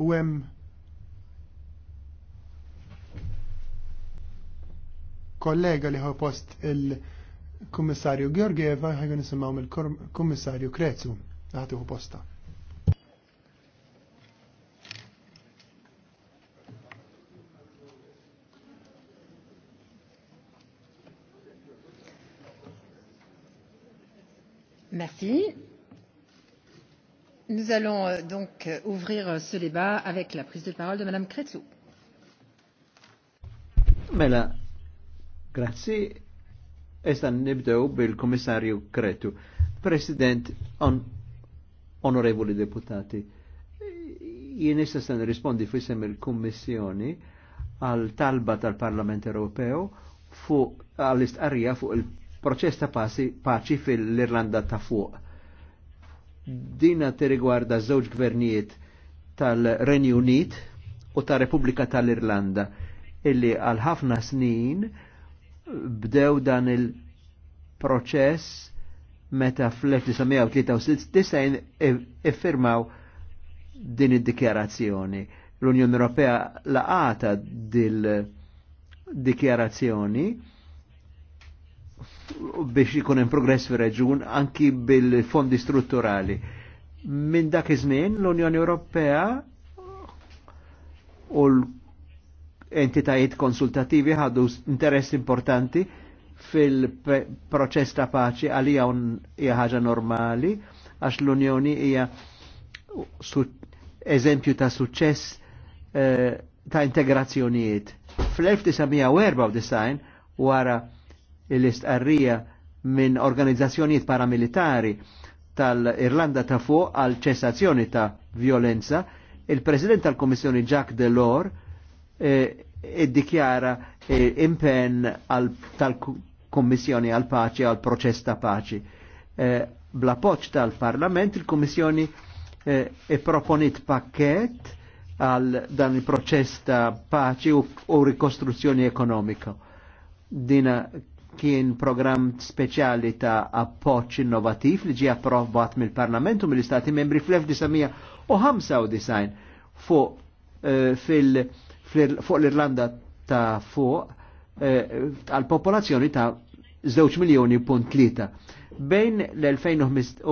u hemm kollega li ħu post il-Kummissarju Georgieva ħajgħu nisimgħu mill-Kummissarju Krezu ħatiħu posta. Merci. Nous allons euh, donc euh, ouvrir euh, ce débat avec la prise de parole de Madame Cretzou. Mela, grazie. Esta nibdew bil-Komissarju Kretu. President, on, onorevoli deputati, jien issa se nirrispondi f'isem il-Kummissjoni għal talba tal-Parlament Ewropew fu għall-istqarrija fuq il-proċess ta' paċi fil-Irlanda ta' fuq Dina tirigwarda żewġ gvernijiet tal-Renju Unit u ta' repubblika tal-Irlanda illi għal ħafna snin bdew dan il-proċess meta fl-1993 iffirmaw din id-dikjarazzjoni. L-Unjoni Ewropea laqata dil-dikjarazzjoni biex ikun hemm progress fir-reġun anki bil-fondi strutturali. Minn dak iż-żmien l-Unjoni Ewropea u l-entitajiet konsultativi ħadu interess importanti fil-proċess ta' paċi għalija hija ħaġa normali għax l-Unjoni hija eżempju ta' suċċess eh, ta' integrazzjonijiet. Fl-1994 wara l-istqarrija minn organizzazzjonijiet paramilitari tal-Irlanda ta' fuq għal ċessazzjoni ta' violenza, il-President tal-Komissjoni Jack Delor eh, iddikjara e, eh, e, impen tal komissjoni għal paċi għal proċess ta' paċi. E, Bla poċ tal-Parlament il-Kommissjoni proponit pakket għal dan il-proċess ta' paċi u, u rikostruzzjoni ekonomika. Dina kien program speċjali ta' appoċ innovativ li ġi approvat mill-Parlamentu mill-Istati membri fl-1995 fuq uh, l-Irlanda ta' fuq eh, għal popolazzjoni ta' 2 miljoni punt lita. Bejn l-2005 u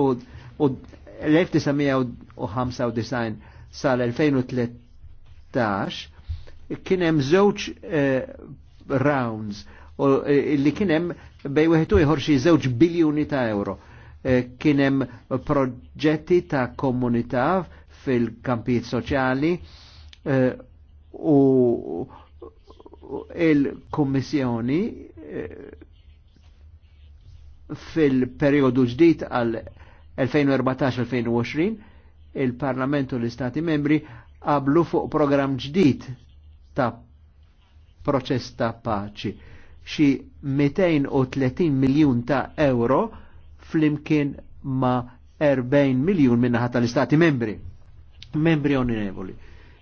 l-1995 sal-2013 kien hemm żewġ eh, rounds E, li kienem bej weħtu jħor xi żewġ biljuni ta' euro. E, kienem proġetti ta' komunità fil-kampijiet soċjali e, u il-Kommissjoni fil-periodu ġdid għal 2014-2020 il-Parlamentu l-Istati membri qablu fuq program ġdid ta' proċess ta' paċi xi 230 miljun ta' euro flimkien ma' 40 miljun minnaħa tal-Istati membri. Membri onorevoli.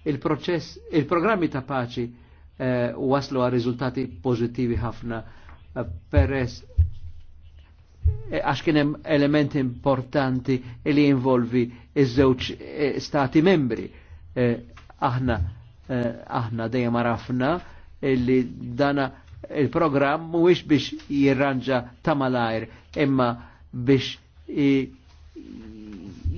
Il-proċess, il-programmi ta' paċi eh, waslu għal riżultati pożittivi ħafna eh, peress eh, għax kien hemm element importanti li involvi iż-żewġ eh, stati membri. Eh, aħna eh, aħna dejjem arafna li dana il-programm mhuwiex biex jirranġa ta' malajr imma biex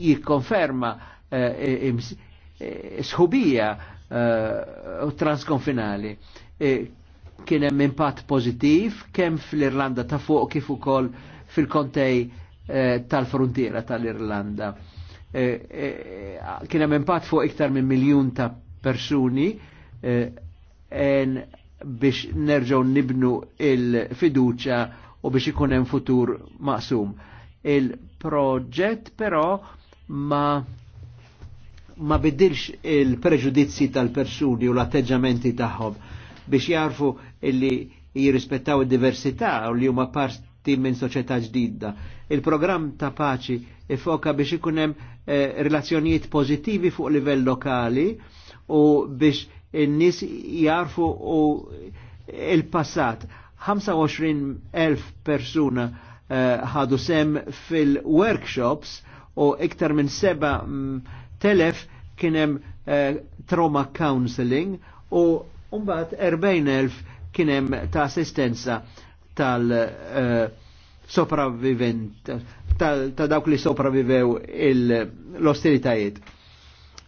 jikkonferma eh, eh, sħubija eh, u transkonfinali. Kien hemm impatt pożittiv kemm fl-Irlanda ta' fuq kif ukoll fil-kontej tal-frontiera tal-Irlanda. Kien hemm impatt fuq iktar minn miljun ta' persuni biex nerġaw nibnu il-fiduċa u biex ikun hemm futur maqsum. Il-proġett però ma ma bidilx il-preġudizzi tal-persuni u l-atteġġamenti tagħhom biex jarfu illi jirrispettaw id-diversità u li huma parti minn soċjetà ġdida. Il-programm ta' paċi ifoka biex ikun hemm eh, relazzjonijiet pożittivi fuq livell lokali u biex in nis jarfu u il-passat. 25.000 persuna eh, ħadu uh, sem fil-workshops u iktar minn 7.000 kienem uh, trauma counseling u umbat 40.000 kienem ta' assistenza tal- uh, sopravvivent, ta', ta dawk li sopravvivew l-ostilitajiet.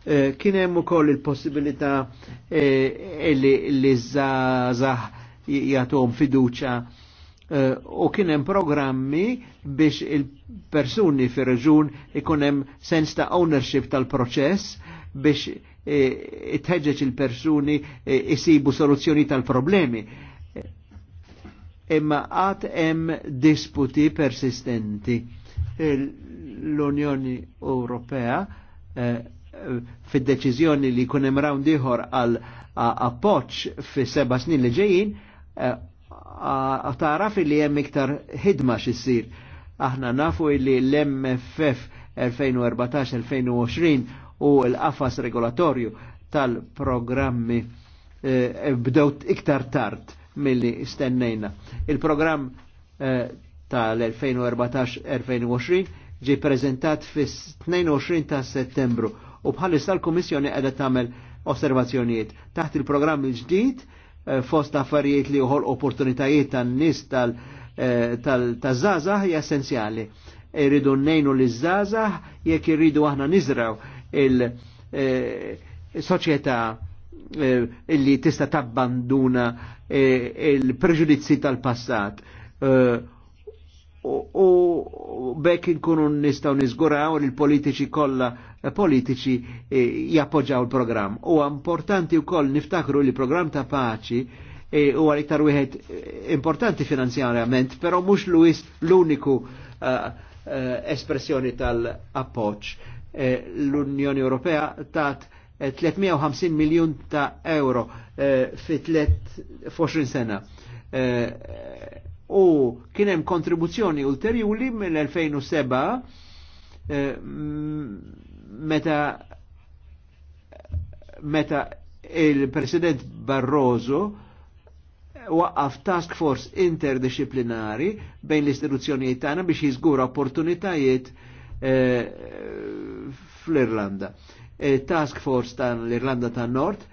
Eh, kien hemm ukoll il-possibilità eh, li żgħażagħ jagħtuhom fiduċja eh, u kien hemm programmi biex il-persuni fir-reġun ikun hemm sens ta' ownership tal-proċess biex itħeġġeġ il-persuni isibu soluzzjoni tal-problemi. Imma għat hemm disputi persistenti. L-Unjoni Ewropea fid-deċiżjoni li jkun hemm rawn ieħor għal appoġġ fi seba' snin li ġejjin eh, taraf li hemm iktar ħidma x'issir. Aħna nafu li l-MFF 2014-2020 u l-qafas regolatorju tal-programmi eh, bdew iktar tard milli stennejna. Il-programm eh, tal-2014-2020 ġi prezentat fis 22 ta' settembru u bħalissa l-Kummissjoni qiegħda tagħmel osservazzjonijiet. Taħt il-programm il-ġdid eh, fost affarijiet li uħol opportunitajiet tan-nies tal-żgħażagħ eh, hija essenzjali. Irridu nnejnu li żgħażagħ jekk irridu aħna niżraw il-soċjetà eh, illi tista' tabbanduna il-preġudizzi tal-passat u bekk inkunu nistaw nizguraw li l-politiċi kollha eh, politiċi eh, jappoġġaw l programm U importanti wkoll niftakru li programm ta' paċi eh, u għal-iktar wieħed importanti finanzjarjament, però mhux Luis l-uniku espressjoni tal-appoġġ. L-Unjoni Ewropea tat 350 miljun ta' euro fi 20 sena u kien hemm kontribuzzjoni ulterjuli mill-2007 eh, meta meta il-President Barroso waqqaf task force interdisciplinari bejn l-istituzzjonijiet tagħna biex jiżgura opportunitajiet eh, fl-Irlanda. Eh, task force l irlanda tan-Nord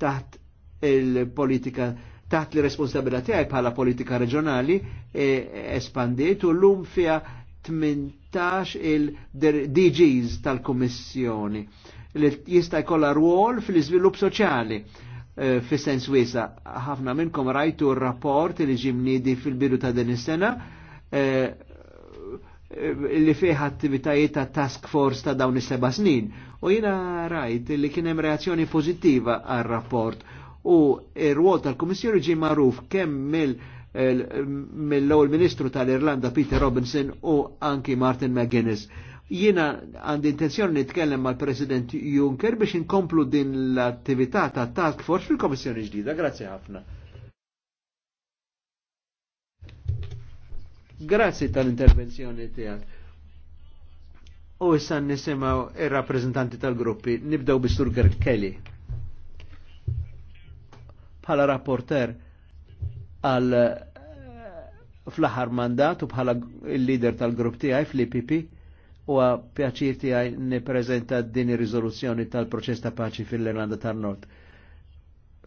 taħt il-politika taħt li responsabilità tiegħi bħala politika reġjonali e, espandiet u llum fiha 18 il-DGs tal-Kummissjoni li jista' jkollha rwol fil-iżvilupp soċjali e, fis-sens wiesa. Ħafna minnkom rajtu r-rapport li nidi fil-bidu ta' din is-sena e, li fih attivitajiet ta' task force ta' dawn is-seba' snin. U jiena rajt li kien hemm reazzjoni pożittiva għar-rapport u ir ruol tal-Kummissjoni ġie magħruf kemm mill eh, mill-ewwel Ministru tal-Irlanda Peter Robinson u anki Martin McGuinness. Jiena għandi intenzjoni nitkellem mal-President Juncker biex inkomplu din l-attività ta' task force fil-Komissjoni ġdida. Grazzi ħafna. Grazzi tal-intervenzjoni tiegħek. U issa nisimgħu ir-rappreżentanti tal-gruppi. Nibdew bis-Surger Kelly bħala rapporter għal eh, fl-aħħar mandat u bħala il-lider tal-grupp tiegħi fl-IPP u pjaċir tiegħi nippreżenta din ir-riżoluzzjoni tal-proċess ta' paċi fil-Irlanda tan-Nord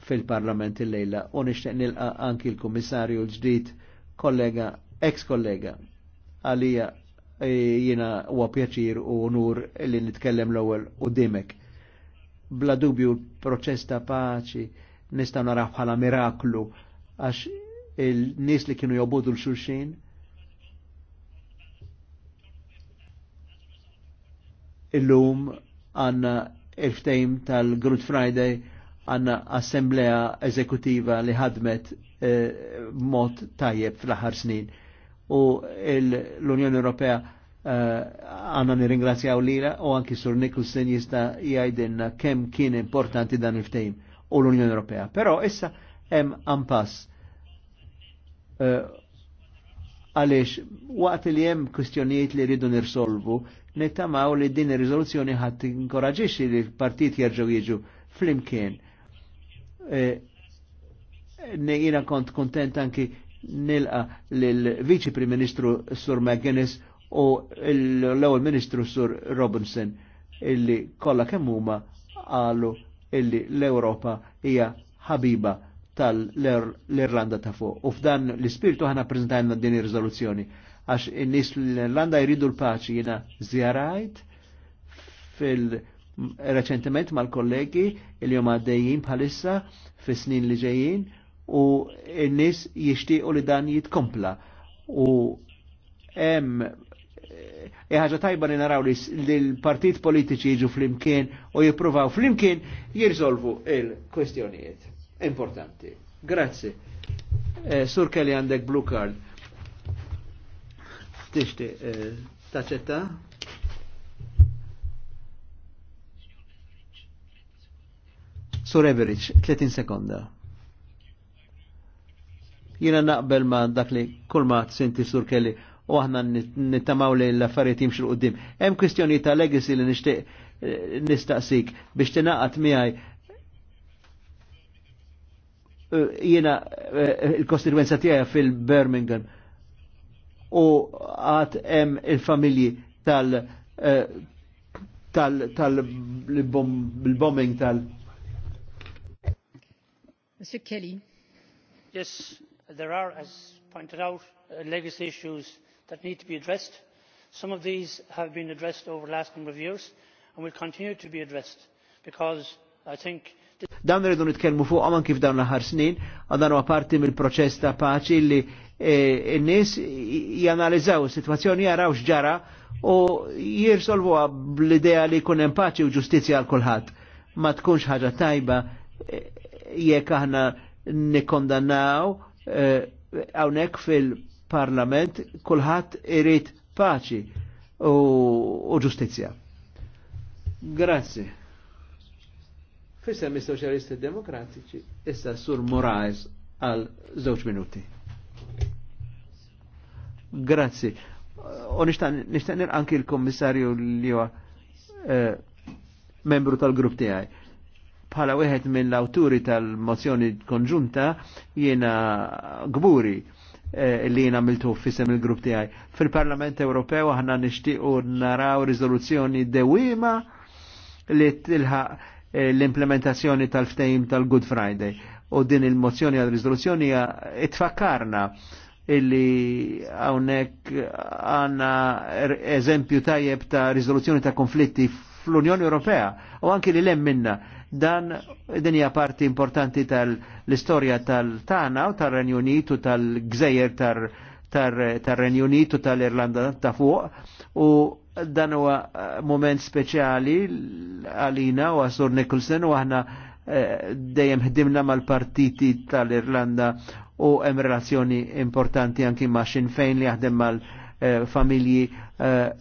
fil-Parlament il-lejla u nixtieq nilqa anki l-Kummissarju l-ġdid kollega, ex kollega għalija eh, jiena huwa pjaċir u onur li nitkellem l-ewwel u dimek. Bla dubju l-proċess ta' paċi nistaw naraw bħala miraklu għax il-nis li kienu jobudu l-xulxin illum għanna il-ftejm tal-Good Friday għanna Assembleja eżekutiva li ħadmet eh, mod tajjeb fl-aħħar snin. U l-Unjoni Ewropea eh, għanna eh, nirringrazzjaw lila u anki Sur Nicholson jista jgħidilna kemm kien importanti dan il-ftejm u l-Unjoni Ewropea. Però issa hemm ampass eh, għaliex waqt li hemm kwistjonijiet li rridu nirsolvu, nittamaw li din ir-riżoluzzjoni ħadd inkoraġixxi li l-partit jerġgħu jiġu flimkien. Eh, Nejjina kont kontent anki nilqa l-Viċi Prim Ministru Sur McGuinness u l-ewwel Ministru Sur Robinson illi kollha kemm huma qalu illi l-Europa hija ħabiba tal-Irlanda ta' fuq. U f'dan l-ispirtu ħana prezentajna din ir-riżoluzzjoni għax in nis l-Irlanda jridu l-paċi jina żjarajt fil- reċentement mal-kollegi il jom għaddejjin bħalissa fis snin li ġejjin u n-nis jixtiequ li dan jitkompla u hemm E ħaġa tajba li naraw li l-partit politiċi jiġu flimkien u jipprovaw flimkien jirżolvu il-kwestjonijiet importanti. Grazzi. Eh, sur Kelly għandek blue card. Tixti, eh, taċetta? Sur Everidge, 30 sekonda. Jina naqbel ma dak li kulma, ma sinti sur Kelly u aħna nittamaw li l-affarijiet jimxu l-qoddim. Hemm kwistjoni ta' legacy li nishtiq eh, nistaqsik biex tinaqat miegħi eh, jiena eh, il-kostituenza tiegħi fil-Birmingham u għat hemm il-familji tal tal tal bil bombing tal Mr. Kelly. Yes, there are, as pointed out, uh, legacy issues that need to be addressed. some of these have been addressed over the last number of years and will continue to be addressed because i think Dan rridu nitkellmu fuq għaman kif dan l-ħar snin, għadan u għaparti mill-proċess ta' paċi li e, n-nis janalizzaw situazzjoni jaraw xġara u jirsolvu l idea li kunem paċi u ġustizja għal kulħadd. Ma tkunx ħaġa tajba e, jekk aħna nikkondannaw għawnek e, fil parlament kulħadd irid paċi u ġustizzja. Grazzi. Fissem is-Soċjalisti Demokratiċi, issa Sur Moraes għal żewġ minuti. Grazzi. U nishtan anki il-Kommissarju li huwa eh, membru tal-grupp tiegħi bħala wieħed minn l awturi tal-mozzjoni konġunta jiena gburi Eh, li jina miltu fissem il-grupp tijaj. Fil-Parlament Ewropew aħna u naraw rizoluzzjoni dewima li tilha eh, l-implementazzjoni tal-ftejim tal-Good Friday. U din il-mozzjoni għal rizoluzzjoni itfakkarna illi għawnek għanna er-, eżempju tajjeb ta' rizoluzzjoni ta' konflitti fl-Unjoni Ewropea u anki li lem minna Dan din hija parti importanti tal-istorja tal-tana u tal-Renju Unit u tal-Gżejjer tal-Renju Unit u tal-Irlanda ta' fuq u dan huwa eh, moment speċjali għalina u għasur Nicholson u aħna eh, dejjem ħdimna mal-partiti tal-Irlanda u hemm relazzjoni importanti anki ma' Sinn Fejn li jaħdem mal-familji eh,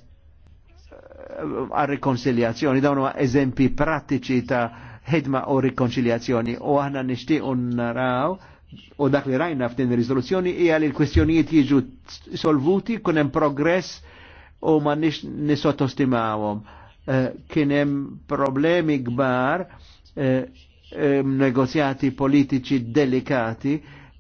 għal-rekonsiljazzjoni. Dawn huwa eżempi prattiċi ta' ħidma u rikonċiljazzjoni u aħna nixtiequ naraw u dak li rajna f'din ir-riżoluzzjoni hija li l kwistjonijiet jiġu solvuti kun hemm progress u ma nix nisottostimawhom. Eh, kien hemm problemi kbar eh, negozjati politiċi delikati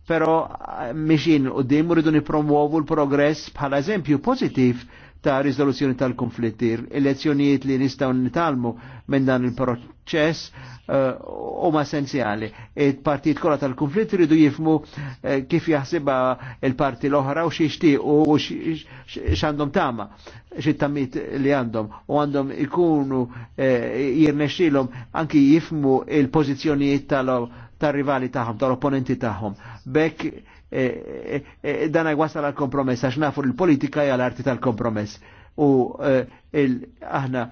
pero eh, miexin u dim rridu nipromuovu l-progress bħala eżempju pozitiv ta' rizoluzjoni tal-konflitti. Elezzjonijiet li nistaw nitalmu minn dan il-proċess u uh, eh, ma' essenzjali. Il-partijiet kolla tal-konflitti ridu jifmu uh, kif jaħsibha il-parti l-oħra u xie u xandom tama tammit li għandhom u għandhom ikunu eh, jirnexilom anki jifmu il-pozizjonijiet tal-rivali tagħhom, tal-opponenti tagħhom Bekk E, e, e, dan għajwasal għal kompromess, għax nafu l-politika għal arti tal-kompromess. U aħna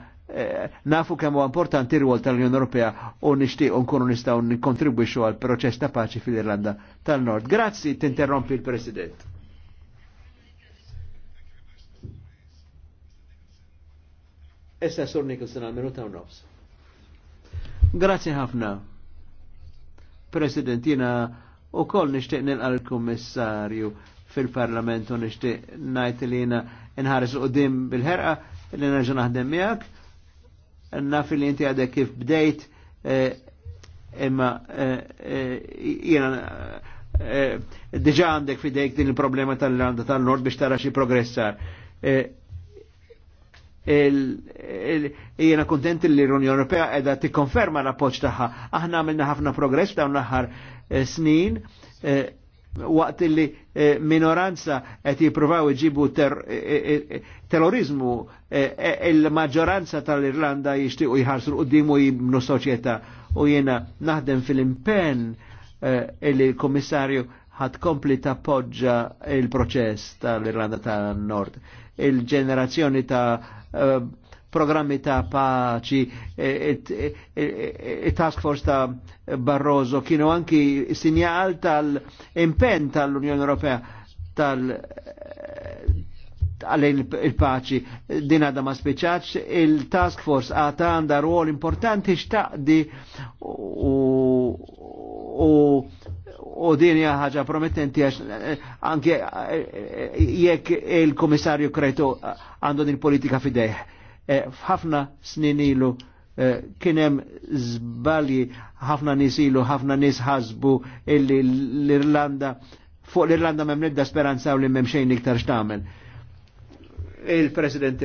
nafu kemm huwa importanti rwol tal-Unjoni Ewropea u nixtieq nkunu nistgħu nikkontribwixxu għal proċess ta' paċi fil-Irlanda tal-Nord. Grazzi, tinterrompi l-President. Issa Sur Nicholson għal minuta u nofs. Grazzi ħafna. President, jina U koll nishtiq nilqa l-Kummissarju fil-Parlament u nishtiq najt li jina nħares u dim bil-ħerqa li nerġa' naħdem miegħek. Naf li inti għadek kif bdejt e, imma e, e, jiena diġa għandek fidejk din il-problema tal-Irlanda tal-Nord biex tara xi progressar. Jiena kontent li l-Unjoni Ewropea qiegħda tikkonferma l-appoġġ tagħha. Aħna għamilna ħafna progress dawn l-aħħar eh, snin eh, waqt li eh, minoranza qed jippruvaw iġibu terrorizmu il-maġġoranza tal-Irlanda jixtiequ jħarsu l-qudiem u jibnu soċjetà u jiena naħdem fil-impenn li l-Kummissarju ħad kompli tappoġġa il-proċess tal-Irlanda tal-Nord il-ġenerazzjoni ta' eh, programmi ta' paċi, eh, il-task eh, force ta' Barroso kienu anki sinjal tal-impen tal-Unjoni Ewropea tal għalejn il-paċi din għadha ma speċaċ, il-task force għata għanda ruol importanti xtaqdi u u din hija ħaġa promettenti għax eh, anke eh, eh, jekk il kummissarju Kretu għandu din politika fidejh. F'ħafna snin ilu kien hemm żbalji ħafna nies ilu, ħafna nies ħasbu illi l-Irlanda fuq l-Irlanda m'hemm nibda speranza u li m'hemm xejn iktar x'tagħmel. Il-President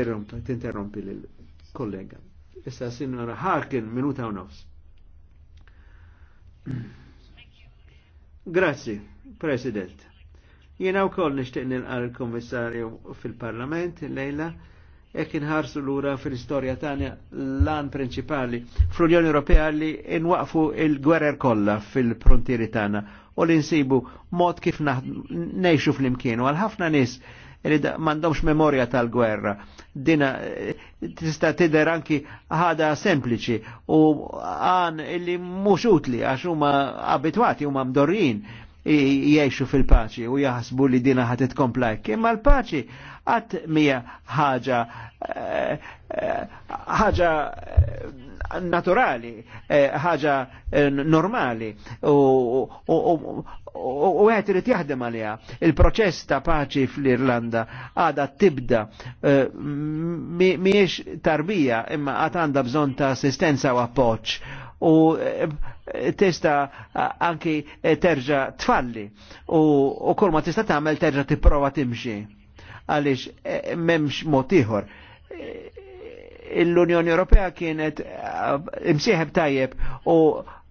tinterrompi lill-kollega. Issa sinora ħarkin minuta u nofs. Mm-hmm. Grazzi, President. Jena u koll nishtiq nilqar il-Kommissarju fil-Parlament lejla jekk inħarsu lura fil-istorja tagħna l-an prinċipali fl-Unjoni Ewropea li nwaqfu il-gwerer kollha fil-frontieri tagħna u li nsibu mod kif ngħixu fl-imkien għal ħafna nies li mandomx memoria tal-gwerra. Dina eh, tista tider anki ħada sempliċi u għan illi mux utli għax huma abitwati huma mdorrin jiexu fil-paċi u jaħsbu li dina ħat tkompla Kemma l-paċi għat mija ħaġa eh, eh, ħaġa naturali, eh, ħaġa eh, normali u għet irrit jaħdem għalija. Il-proċess ta' paċi fl-Irlanda għada tibda eh, miex tarbija imma għat għanda bżon ta' assistenza u appoċ u testa anki terġa tfalli u kol ma tista tamel terġa tipprova timxi għalix memx motiħor l-Unjoni Ewropea kienet eh, imsieħeb tajjeb u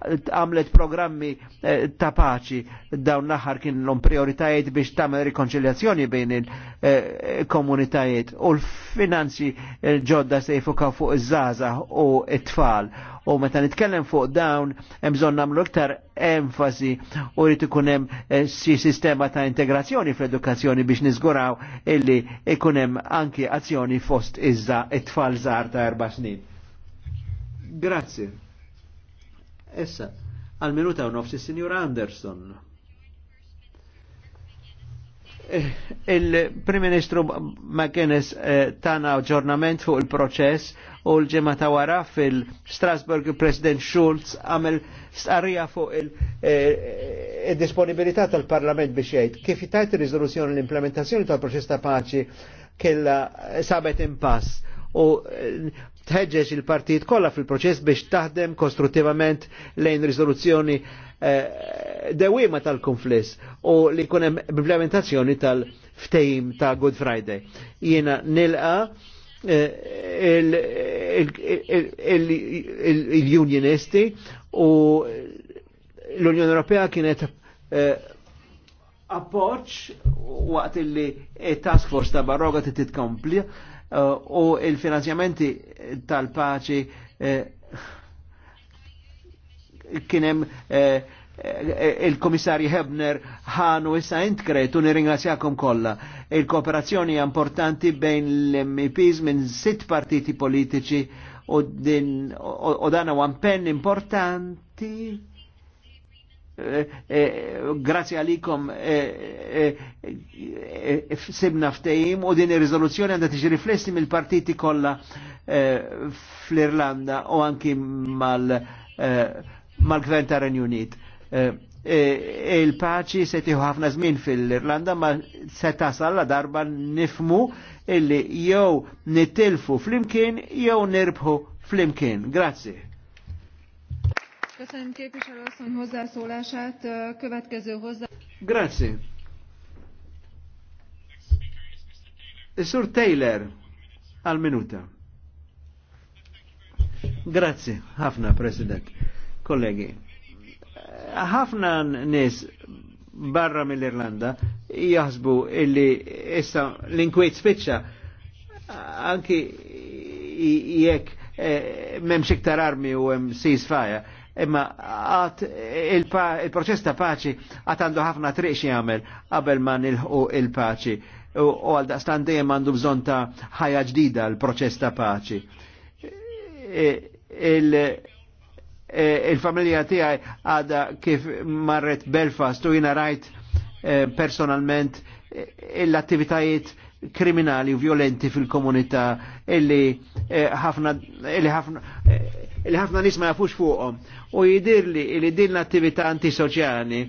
għamlet programmi eh, ta' paċi dawn l naħar kienlhom prioritajiet biex tagħmel rikonċiljazzjoni bejn il-komunitajiet eh, u l-finanzi ġodda se jfukaw fuq iż-żaza u t-tfal u meta nitkellem fuq dawn hemm bżonn nagħmlu iktar enfasi u rrid ikun hemm xi eh, sistema ta' integrazzjoni fl-edukazzjoni biex niżguraw illi ikun hemm anki azzjoni fost iżda it-tfal żgħar ta' erba' snin. Grazzi. Issa, għal minuta u nofsi Sinjura Anderson il-Prim Ministru ma kienes eh, tana ġornament fuq il-proċess u l-ġemma ta' wara fil-Strasburg President Schulz għamel starrija fuq eh, il-disponibilità tal-Parlament biex jgħid kif jitajt il-rizoluzjoni l-implementazzjoni tal-proċess ta' paċi kella sabet impass u eh, tħeġġeġ il-partijiet kolla fil-proċess biex taħdem kostruttivament lejn riżoluzzjoni Eh, dewima tal-konfliss u li kunem implementazzjoni tal-ftejim ta' Good Friday. Jiena nilqa eh, il-unionisti u l-Unjoni Ewropea kienet eh, appoċ waqt li task force ta' barroga titkompli u il-finanzjamenti tal-paċi kienem eh, eh, il komissari Hebner ħanu issa intkret u nirringrazzjakom kollha. Il-kooperazzjoni importanti bejn l-MPs minn sitt partiti politiċi u din u dan huwa impenn importanti. Eh, grazzi għalikom sibna ftejim u din ir-riżoluzzjoni għandha tiġi riflessi mill-partiti kollha fl-Irlanda u anki mal- uh, mal-gvern ta' Renju Unit. Eh, eh, il-paċi se tiħu ħafna żmien fil-Irlanda ma se tasal la darba nifmu illi jew nitilfu flimkien jew nirbħu flimkien. Grazzi. Köszönöm képviselő asszony hozzászólását. Eh, következő hozzá... Grazie. Sur Taylor, al minuta. Grazie, Hafna, President kollegi. Ħafna nis barra mill-Irlanda jaħsbu illi issa l-inkwiet spiċċa anki jekk eh, memx iktar armi u hemm ceasefire imma għat il-proċess ta' paċi għat għandu ħafna triq jagħmel qabel ma nilħu il-paċi u għal daqstan dejjem għandu bżon ta' ħajja ġdida l-proċess ta' paċi. Eh, Eh, il-familja tijaj għada kif marret Belfast u jina rajt eh, personalment eh, l-attivitajiet kriminali u violenti fil-komunità illi ħafna illi ħafna nis ma jafux fuqhom. U jidirli li din l-attività antisoċjali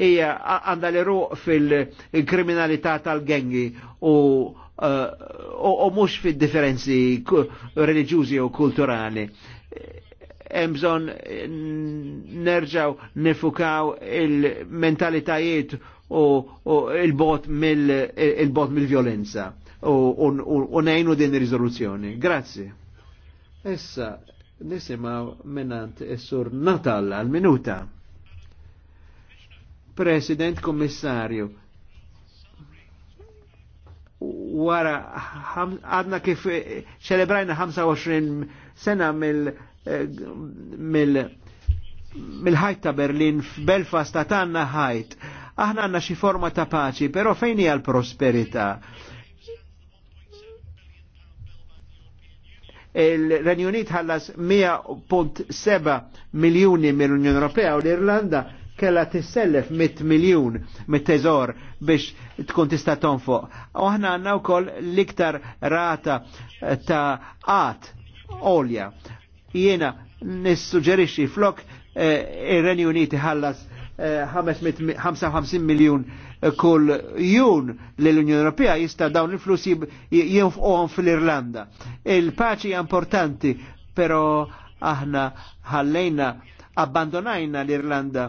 hija għandha l fil-kriminalità tal-gengi u u mhux fid-differenzi reliġjużi u kulturali emżon nerġaw nifukaw il-mentalitajiet u, il-bot mill bot mill-violenza u nejnu din il-rizoluzjoni. Grazzi. Essa, nisimaw minnant sur Natal għal-minuta. President Kommissarju, wara għadna kif ċelebrajna 25 sena mill- Eh, mill mil ħajt ta' Berlin f'Belfast ta' tanna ħajt. Aħna għanna xi forma ta' paċi, però fejn hija l-prosperità? il-Renju Unit ħallas 100.7 miljuni mill-Unjoni Ewropea u l-Irlanda kella tissellef 100 miljun mit-teżor biex tkun tista' tonfoq. U aħna għandna wkoll l-iktar rata ta' qat olja. Jiena nissuġerixi flok eh, ir-Renju Uniti ħallas 55 eh, miljun eh, kull jun l-Unjoni Ewropea jista' dawn il-flus jinfqhom fl-Irlanda. Il-paċi importanti, però aħna ħallejna abbandonajna l-Irlanda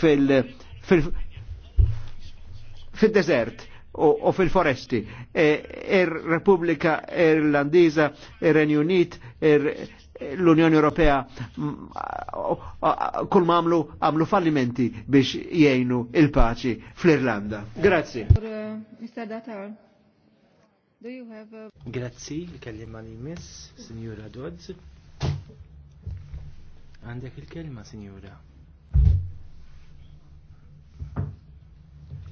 fil-desert u fil-foresti. Ir-Repubblika Irlandiża, ir-Renju Unit, ir l-Unjoni Ewropea mm, kull ma għamlu għamlu fallimenti biex jgħinu il-paċi fl-Irlanda. Grazzi. Uh, Grazzi, il-kellima li miss, Signora Dodds. Għandek il-kelma, Signora.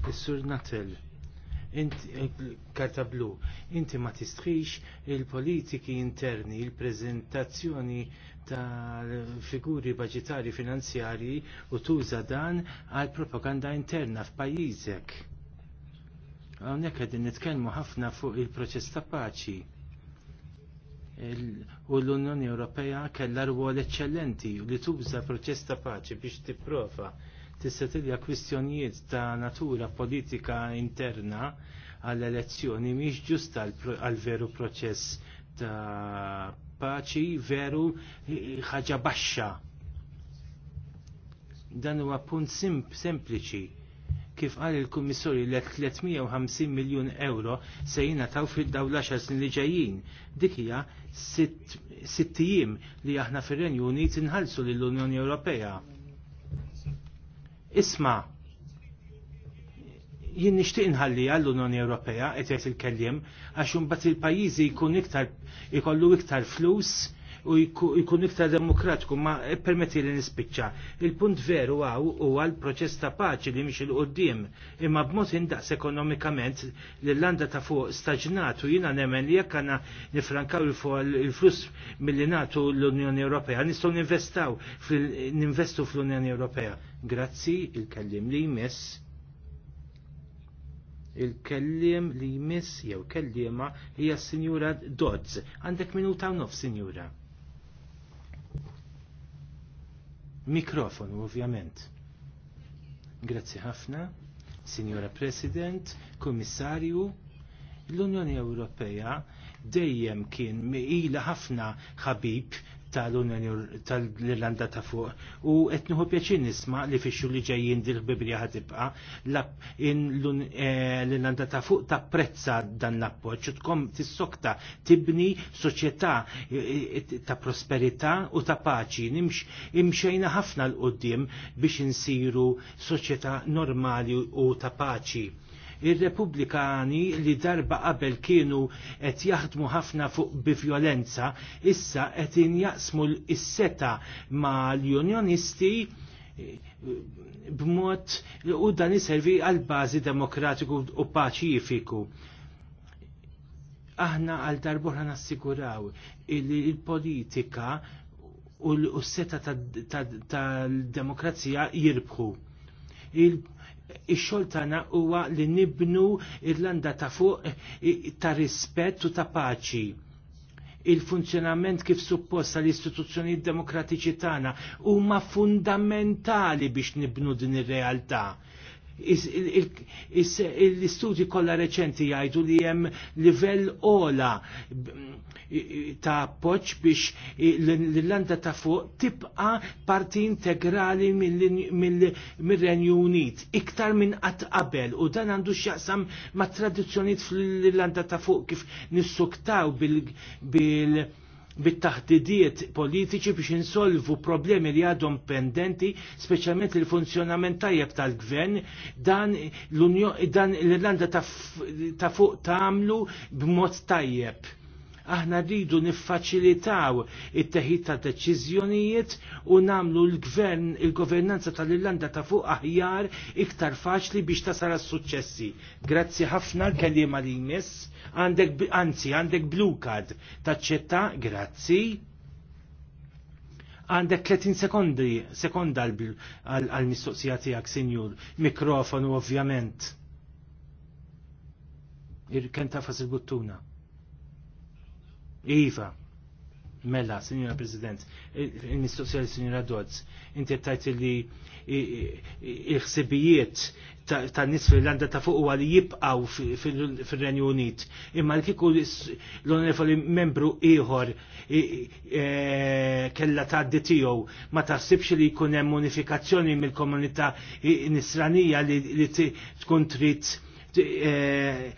Is-Sur Natel karta blu, inti ma tistħix il-politiki interni, il-prezentazzjoni tal-figuri budgetari finanzjari u tuża dan għal propaganda interna f'pajjiżek. Hawnhekk qegħdin nitkellmu ħafna fuq il-proċess ta' paċi. U l-Unjoni Ewropea kellha rwol eċċellenti u li tuża proċess ta' paċi biex tipprova tista' tilja kwistjonijiet ta' natura politika interna għall-elezzjoni mhix ġust għal veru proċess ta' paċi veru ħaġa baxxa. Dan huwa punt sempliċi kif qal il-Kummissarju l 350 miljun euro se jingħataw fid l-għaxar snin li ġejjin. Dik hija sitt li aħna fir-Renju Unit inħallsu lill-Unjoni Ewropea Isma, jien nixtieq nħalli għall-Unjoni Ewropea qed jgħid il-kelliem għax imbagħad il-pajjiżi jkun iktar ikollu iktar flus u jkun iktar demokratiku ma permetti li nispiċċa. Il-punt veru għaw u għal proċess ta' paċi li miex il-qoddim imma b'mod indaqs ekonomikament l landa ta' fuq staġnat u jina nemmen li jekk għanna nifrankaw il-flus mill-li natu l-Unjoni Ewropea. Nistgħu ninvestaw, ninvestu fl-Unjoni Ewropea. Grazzi il-kellim li jmiss il-kellim li jmiss jew kellima hija s-Sinjura Dodds. Għandek minuta u nof, Sinjura. Mikrofonu, ovvjament. Grazzi ħafna, Signora President, Komissarju, l-Unjoni Ewropea dejjem kien miqila ħafna ħabib tal-Unjoni tal-Irlanda ta' fuq u qed nieħu pjaċin nisma' li fix li ġejjin dil bibrija ħad tibqa' eh, l-Irlanda ta' fuq tapprezza dan l-appoġġ u tkom tissokta tibni soċjetà ta' prosperità u ta' paċi imxejna ħafna l-qudiem biex insiru soċjetà normali u ta' paċi ir-Repubblikani li darba qabel kienu qed jaħdmu ħafna fuq bivjolenza, issa qed injaqsmu l-seta mal-Unjonisti eh, b'mod u dan iservi għal bażi demokratiku u paċifiku aħna għal darbuħra nassiguraw il-politika u l-seta tal-demokrazija jirbħu ix-xogħol tagħna huwa li nibnu Irlanda ta' fuq ta' rispett u ta' paċi il-funzjonament kif supposta l-istituzzjonijiet demokratiċi tagħna huma fundamentali biex nibnu din ir-realtà l-istudji kollha reċenti jgħidu li hemm livell ola ta' appoġġ biex l-Irlanda ta' fuq tibqa' parti integrali mill-Renju Unit iktar minn qatt qabel u dan għandu x'jaqsam ma' tradizzjonijiet fl-Irlanda ta' fuq kif nissuktaw bil bil bit-taħdidiet politiċi biex insolvu problemi li għadhom pendenti, speċjalment il-funzjonament tajjeb tal-gvern, dan l-Irlanda ta' fuq tamlu b'mod tajjeb aħna rridu niffaċilitaw it-teħid ta' deċiżjonijiet u namlu l-gvern il-governanza tal-Irlanda ta' fuq aħjar iktar faċli biex s suċċessi Grazzi ħafna l-kelliema li jmiss, għandek anzi għandek blue card taċċetta, grazzi għandek 30 sekondi, sekonda għal-mistoqsija tijak, sinjur, mikrofonu ovvjament. Ir-kenta fas il-buttuna. Iva, mela, Signora President, il-mistoqsija li Signora Dodds, inti tajt li il-ħsibijiet ta' nis fil-Irlanda ta' fuq li jibqaw fil-Renju Unit. Imma l-kiku l-onorevoli membru ieħor e, kella ta' tiegħu ma taħsibx li jkun hemm unifikazzjoni mill-komunità nisranija li tkun trid e,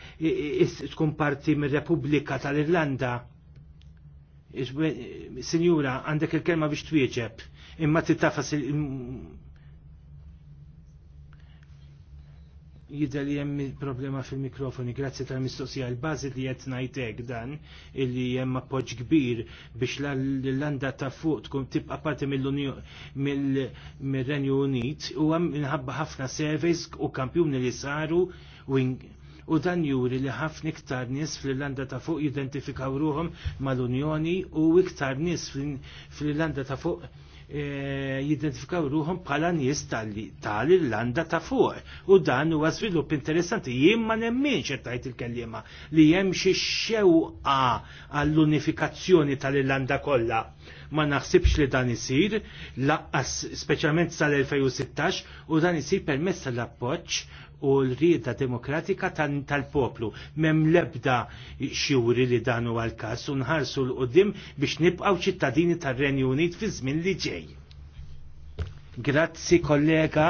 tkun parti mir-Repubblika tal-Irlanda Sinjura, għandek il-kelma biex twieġeb, imma il- Jidda li hemm problema fil-mikrofoni, grazzi tal-mistoqsija l-bażi li qed ngħidlek dan illi hemm appoġġ kbir biex l landa ta' fuq tkun tibqa' parti mill-Renju Unit u hemm minħabba ħafna service u kampjuni li saru u u dan juri li ħafna iktar nies fl-Irlanda ta' fuq jidentifikaw ruhom mal-Unjoni u iktar nies fl-Irlanda ta' fuq e, jidentifikaw ruhom bħala nies tal-Irlanda ta' fuq u dan huwa żvilupp interessanti jien ma nemminx irtajt il-kellima li hemm xi xewqa għall-unifikazzjoni tal-Irlanda kollha ma naħsibx li dan isir, laqqas speċjalment sal-2016, u dan isir permezz tal-appoċ u l-rieda demokratika tal-poplu. Mem lebda xiwri li danu għal-kas u nħarsu l-qoddim biex nibqaw ċittadini tal-Renju Unit fi żmien li ġej. Grazzi kollega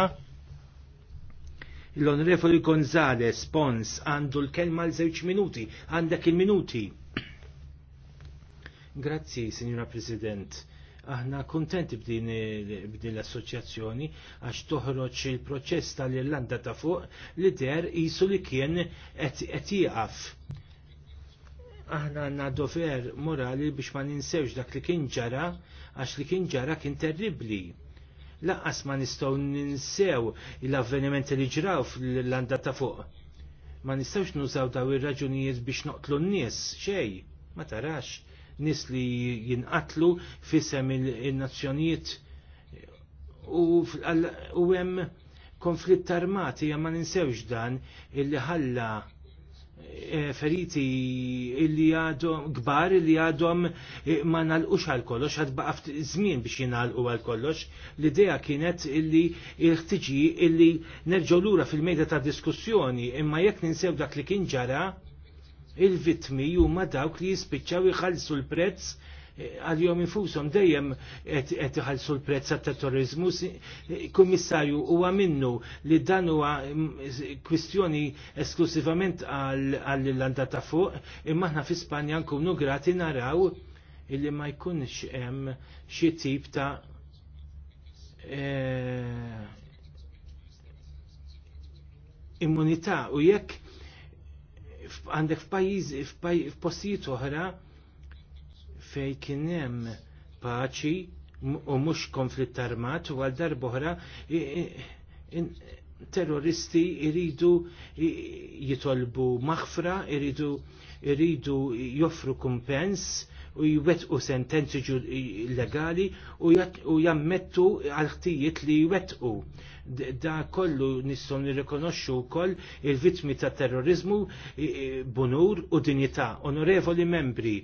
l-Onrefoli Gonzales Pons għandu l-kelma l żewġ minuti, għandek il-minuti. Grazzi, Signora President. Aħna kuntenti b'din b'din l-assoċjazzjoni għax toħroġ il-proċess tal-Irlanda ta' fuq li der isu li kien qed jieqaf. Aħna għandna dover morali biex ma ninsewx dak li kien ġara għax li kien ġara kien terribli laqqas ma nistgħu ninsew l-avvenimenti li ġraw fl irlanda ta' fuq. Ma nistgħux nużaw daw ir-raġunijiet biex noqtlu n-nies, xej, ma tarax nis li jinqatlu fissem il-nazzjonijiet u hemm konflitt armati ma ninsewx dan illi ħalla eh, feriti illi għadhom gbar illi għadhom eh, ma nalqux għal kollox għad baqaft żmien biex jinalqu għal kollox l-idea kienet illi il-ħtiġi illi nerġgħu lura fil-mejda ta' diskussjoni imma jekk ninsew dak li kien ġara il-vitmi huma dawk li jispiċċaw iħallsu l-prezz eh, għal-jom infusom dejjem qed iħallsu l-prezz għat-terrorizmu. Eh, kummissarju huwa minnu li dan huwa mm, kwistjoni esklusivament għall landa ta' fuq, imma aħna fi Spanja nkunu grati naraw illi ma jkunx hemm xi tip ta' eh, immunità u jekk għandek f'pajjiżi f'postijiet oħra fej kien hemm paċi u mhux konflitt armat u għal darb'oħra terroristi iridu jitolbu maħfra, iridu iridu joffru kumpens u jwettqu sentenzi legali u jammettu għal-ħtijiet li jwettqu. Da kollu nistgħu nirrikonoxxu wkoll il-vittmi ta' terrorizmu bunur u dinjità. Onorevoli membri.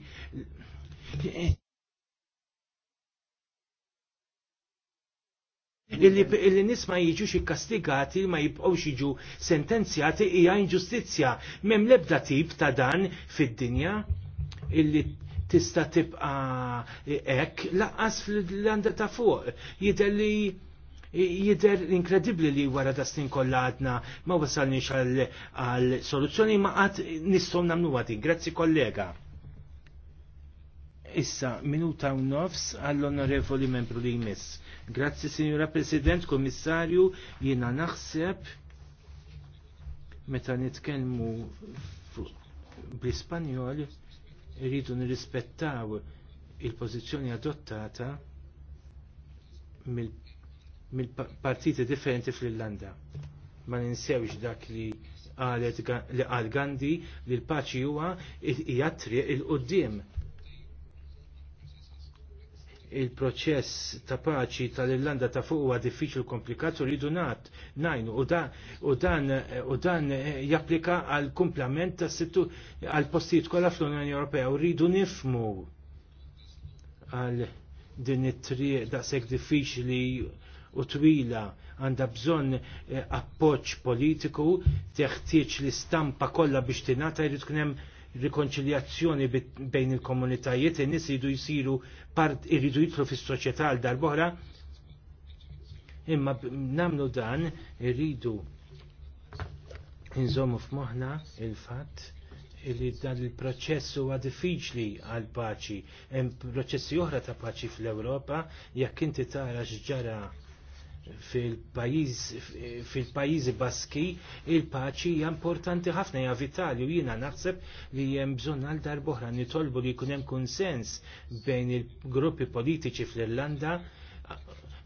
Illi nisma jiġu xi kastigati ma jibqgħux jiġu sentenzjati hija inġustizzja. Mem l-ebda tip ta' dan fid-dinja illi tista tibqa ek, laqqas fil-landa ta' fuq. Jider li jider inkredibli li wara da snin kollha għadna ma wasalni għal soluzzjoni ma għad nistgħu namnu għadin. Grazzi kollega. Issa, minuta u nofs għall-onorevoli membru li jmiss. Grazzi, Signora President, Komissarju, jiena naħseb meta nitkelmu bl-Ispanjol rridu nirrispettaw il-pożizzjoni adottata mill-partiti mil differenti fl-Irlanda. Ma ninsewx dak li li għal Gandhi li l-paċi huwa hija triq il-qudiem. il il qudiem il-proċess ta' paċi tal-Irlanda ta' fuq huwa diffiċli u komplikat u rridu nat najnu u dan u dan japplika għal kumplament ta' sittu għal postijiet kollha fl-Unjoni Ewropea u rridu nifmu għal din it-triq daqshekk diffiċli u twila għandha bżonn eh, appoġġ politiku teħtieġ l-istampa kollha biex tingħata jrid kien hemm rikonċiljazzjoni bejn il-komunitajiet, in-nies jridu jsiru part iridu jitlu fis-soċjetà għal darb'oħra. Imma namlu dan irridu nżommu f'moħħna il-fatt li dan il-proċess huwa diffiċli għal paċi. Hemm proċessi oħra ta' paċi fl-Ewropa jekk inti tara x'ġara fil-pajizi baski il-paċi hija importanti ħafna hija vitali u jiena naħseb li hemm bżonn għal darbohra nitolbu li jkun hemm konsens bejn il-gruppi politiċi fl-Irlanda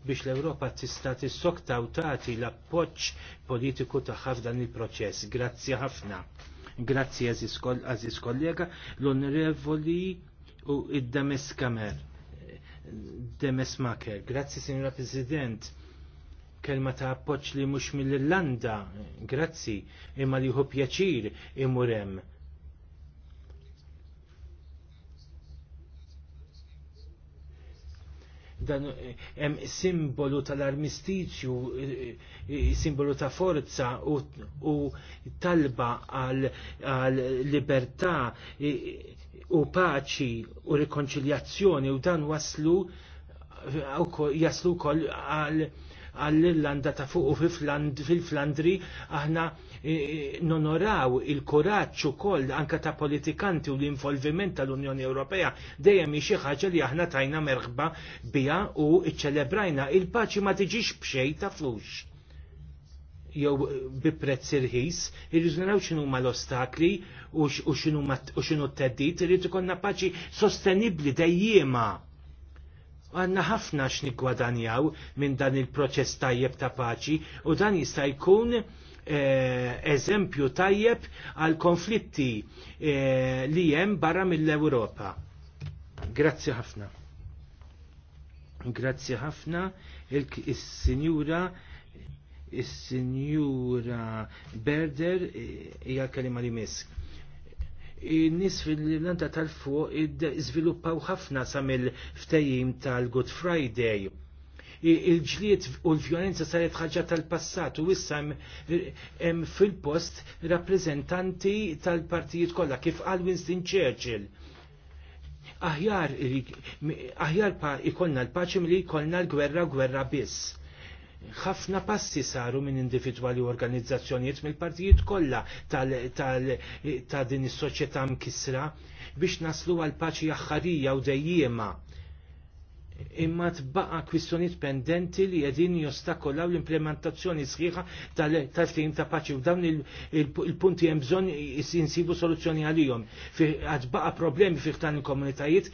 biex l-Ewropa tista' tissokta u tagħti l-appoġġ politiku tagħha f'dan il-proċess. Grazzi ħafna. Grazzi għażiż kollega l-Onorevoli u id-Demes Kamer. Demes Maker. Grazzi, Signora President kelma ta' appoċ li mux mill-Irlanda, grazzi, imma li hu pjaċir imurem. Dan hemm simbolu tal armistizju simbolu ta' forza u, u talba għal libertà e, u paċi u rikonċiljazzjoni u dan waslu jaslu kol għal għall-Irlanda ta' fuq u fil-Flandri aħna e, e, nonoraw il-koraċ ukoll anka ta' politikanti u l-involviment tal-Unjoni Ewropea dejjem xi ħaġa li aħna tajna merħba biha u ċċelebrajna il-paċi ma tiġix b'xejn ta' flux jew bi prezz irħis, irridu naraw x'inhu l-ostakli u x'inhu t-teddit, irrid ikollna paċi sostenibbli dejjiema għanna ħafna x'niggwadanjaw minn dan il-proċess tajjeb ta' paċi u dan jista' jkun eh, eżempju tajjeb għal konflitti eh, li hemm barra mill-Ewropa. Grazzi ħafna. Grazzi ħafna il-Sinjura il-Sinjura Berder eh, hija kelima li misk nis fil lanta tal-fuq iżviluppaw ħafna sa mill-ftejim tal-Good Friday. Il-ġliet u l-vjolenza saret ħaġa tal-passat u issa hemm fil-post rappreżentanti tal-partijiet kollha kif għal Winston Churchill. Aħjar, aħjar pa ikollna l-paċi milli jkollna l-gwerra gwerra biss ħafna passi saru minn individwali u organizzazzjonijiet mill-partijiet kollha ta' din is-soċjetà mkisra biex naslu għal paċi aħħarija u dejjiema imma tbaqa kwistjoniet pendenti li jedin jostakolaw l-implementazzjoni sħiħa tal tlim ta' paċi u dawn il-punti hemm bżonn jinsibu soluzzjoni għalihom. baqa problemi fiħ tan il-komunitajiet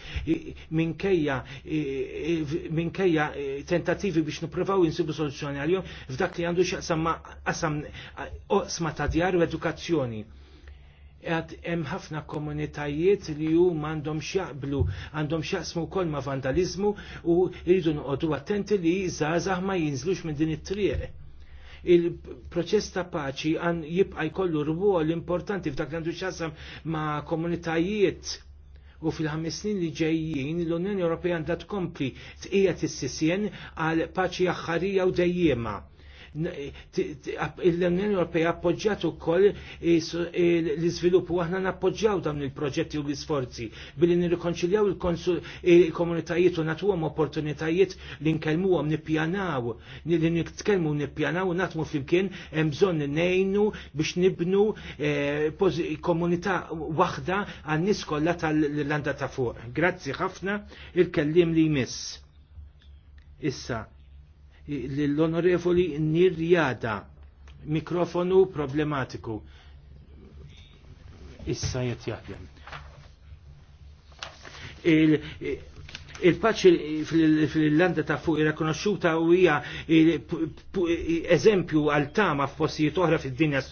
minkejja tentativi biex nipprovaw jinsibu soluzzjoni għalihom f'dak li għandu xaqsam qasam osma ta' djar u edukazzjoni għad hemm ħafna komunitajiet li huma għandhom xjaqblu, għandhom xjaqsmu wkoll ma' vandalizmu u jridu noqogħdu attenti li żgħażagħ ma jinżlux minn din it-triq. Il-proċess ta' paċi għan jibqa' jkollu rwol importanti f'dak li għandu xjaqsam ma' komunitajiet u fil-ħames snin li ġejjin l-Unjoni Ewropea għandha tkompli tqija tis-sisien għal paċi aħħarija u dejjema l-Unjoni Ewropea appoġġjat ukoll l-iżvilupp u aħna nappoġġjaw dawn il-proġetti u l-isforzi billi nirrikonċiljaw il-komunitajiet u nagħtuhom opportunitajiet li nkellmuhom nippjanaw, li nitkellmu nippjanaw u natmu flimkien hemm bżonn ngħinu biex nibnu eh, komunità waħda għan-nies kollha tal-landa ta' fuq. Grazzi ħafna il-kellim li jmiss. Issa, l-onorevoli Nirjada. Mikrofonu problematiku. Issa jett jaħdem. Il-paċi fil landa ta' fuq irrakonoxxuta u hija eżempju għal tama f'postijiet oħra fid-dinja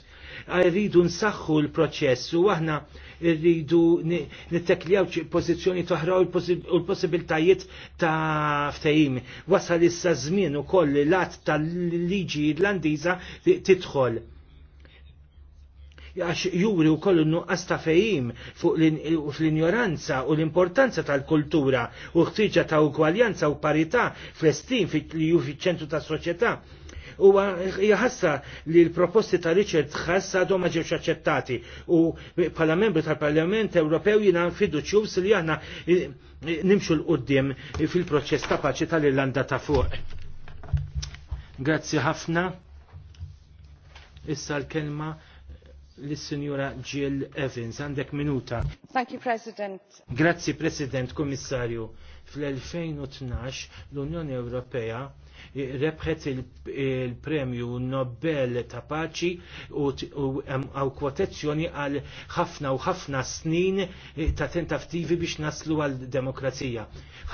rridu nsaħħu l-proċess u aħna rridu nittekljaw pożizzjoni toħra u l-possibiltajiet ta' ftehim. Wasal issa żmien ukoll l-att tal-liġi irlandiża tidħol għax juri u kollu nuqqas ta' fejim fuq l-ignoranza u l-importanza tal-kultura u ħtiġa ta' ugwaljanza u parità fl-estim li ju ċentru ta' soċjetà u jħassa li l-proposti ta' Richard Ħass għadhom ma ġewx aċċettati u bħala membru tal-Parlament Ewropew jina fiduċjus li aħna eh, eh, nimxu l-qoddim fil-proċess ta' paċi tal-Irlanda ta' fuq. Grazzi ħafna. Issa l-kelma l-Sinjura Jill Evans, għandek minuta. Thank you, President. Grazzi, President, Komissarju. Fl-2012 l-Unjoni Ewropea rebħet il-premju Nobel ta' paċi u għaw kwotezzjoni għal ħafna u ħafna snin ta' tentattivi biex naslu għal demokrazija.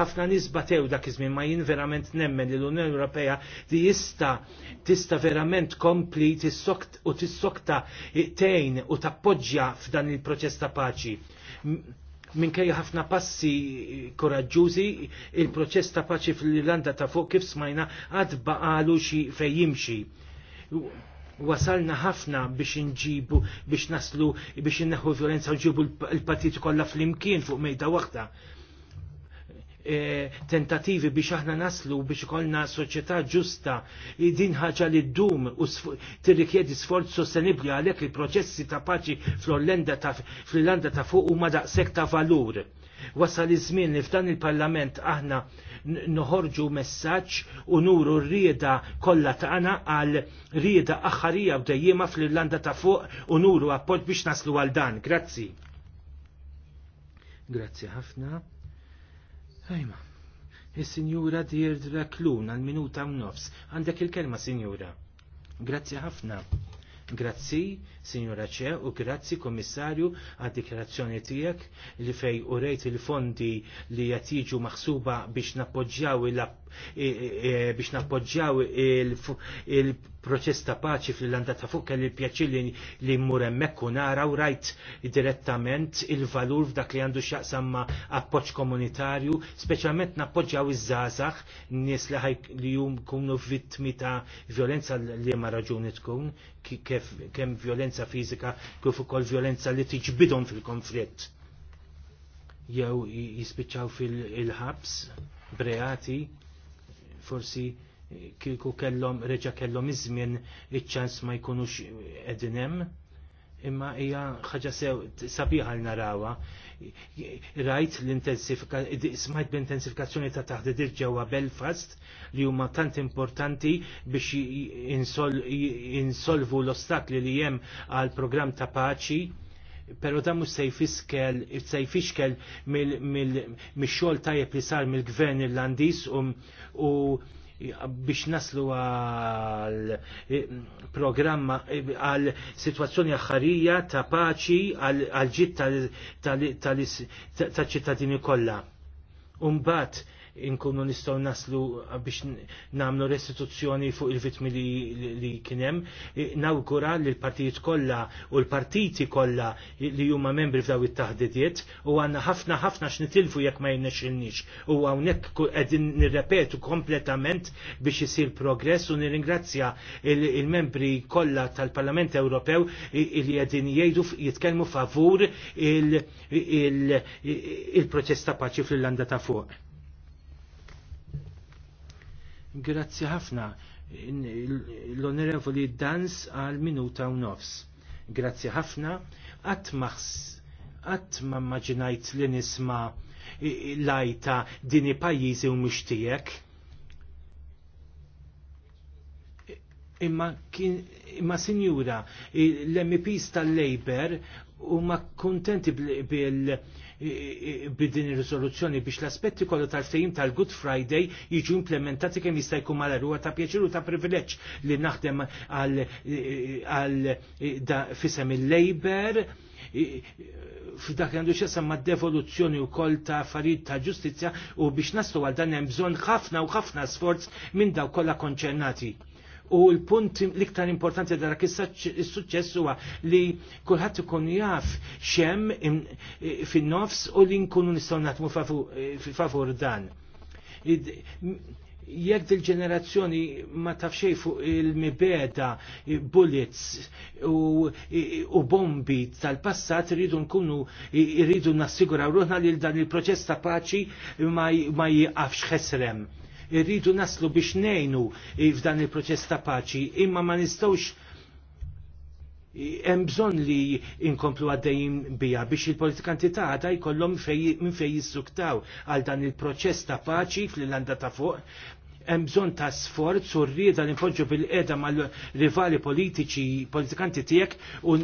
ħafna nisbatew dak iżmin ma jien verament nemmen li l-Unjoni Ewropea li jista' tista' verament kompli tissokt u tissokta tejn u tappoġġja f'dan il-proċess ta' paċi minkejja ħafna passi koraġġużi, il-proċess ta' paċi fil irlanda ta' fuq kif smajna għad baqalu xi fej jimxi. Wasalna ħafna biex nġibu, biex naslu, biex inneħu violenza u ġibu l-partit kollha fl-imkien fuq mejda waħda. E, tentativi biex aħna naslu biex ikollna soċjetà ġusta din ħaġa li ddum u tirrikjedi sforz sostenibbli għalhekk il-proċessi ta' paċi fl-Irlanda ta' fl-Irlanda ta' fuq huma daqshekk ta' valur. Wasal iż-żmien li f'dan il-Parlament aħna noħorġu messaġġ u nuru rrieda rieda kollha tagħna għal rieda aħħarija bdejjiema fl-Irlanda ta' fuq u nuru appoġġ biex naslu għal dan. Grazzi. Grazzi ħafna. Ejma, Is-Sinjura Dirdra Klun għal minuta u nofs. Għandek il-kelma, Sinjura. Grazzi ħafna. Grazzi, Sinjura ċe, u grazzi, Komissarju, għad dikrazzjoni tijek li fej u rejt il-fondi li jatiġu maħsuba biex nappoġġjaw il-app biex nappoġġjaw il-proċess ta' paċi fil-landa ta' fuq kelli pjaċir li mmur hemmhekk u naraw rajt direttament il-valur f'dak li għandu x'jaqsam ma' appoġġ komunitarju, speċjalment nappoġġjaw iż-żgħażagħ nies li li jum kunu vittmi ta' violenza li ma raġuni tkun, kemm violenza fiżika kif ukoll violenza li tiġbidhom fil-konflitt jew jispiċċaw fil-ħabs breati forsi eh, kieku kellhom reġa' kellhom izmin iċċans iċ-ċans ma jkunux edinem. Imma hija ħaġa sew sabiħa l narawha. Rajt l-intensifikazzjoni smajt b'intensifikazzjoni ta' taħdidir ġewwa Belfast li huma tant importanti biex insolvu l-ostakli li hemm għal programm ta' paċi pero da mux sejfiskel mil xol tajjeb li sar mill-gvern irlandis u biex naslu għal programma għal situazzjoni aħħarija ta' paċi għal ġitt tal-ċittadini kollha. Umbat, inkunu nistgħu naslu biex nagħmlu restituzzjoni fuq il-vitmi li, li kien hemm. Nawgura li l-partijiet kollha u l-partiti kollha li huma membri f'daw it-taħdidiet u għandna ħafna ħafna x'nitilfu jekk ma il-nix U hawnhekk qegħdin nirrepetu kompletament biex isir progress u nirringrazzja il-membri il kollha tal-Parlament Ewropew li qegħdin jgħidu jitkellmu favur il-proċess il, il, il ta' paċi fl landa ta' fuq. Grazzi ħafna l-onorevoli dans għal minuta u nofs. Grazzi ħafna għatmaħs għatma maġinajt li nisma lajta dini pajizi u mishtijek. Imma, imma sinjura, l-MPs tal-Labor u ma kontenti bil bidin ir-riżoluzzjoni biex l-aspetti kollu tal fejim tal-Good Friday jiġu implementati kemm jista' jkun mal ta' pjaċir u ta' privileġġ li naħdem għal fisem il-Labor f'dak għandu xesam ma' devoluzzjoni u koll ta' farid ta' ġustizja u biex naslu għal dan hemm bżonn ħafna u ħafna sforz minn daw kollha konċernati u l-punt l-iktar importanti dara il-suċċess huwa li kulħadd ikun jaf xem fin-nofs u li nkunu nistgħu nagħtmu favur dan. Jekk dil-ġenerazzjoni ma tafxej fuq il-mibeda, bullets u, bombi tal-passat rridu nkunu rridu nassiguraw ruħna li dan il-proċess ta' paċi ma, ma jiqafx ħesrem irridu naslu biex nejnu f'dan il-proċess ta' paċi, imma ma nistawx hemm bżonn li inkomplu għaddejjin biha biex il-politikanti ta' għada jkollhom minn fej jissuktaw għal dan il-proċess ta' paċi fl landa ta' fuq hemm bżonn ta' sforz u rrieda li nfoġġu bil-qeda mal-rivali politiċi, politikanti tiegħek u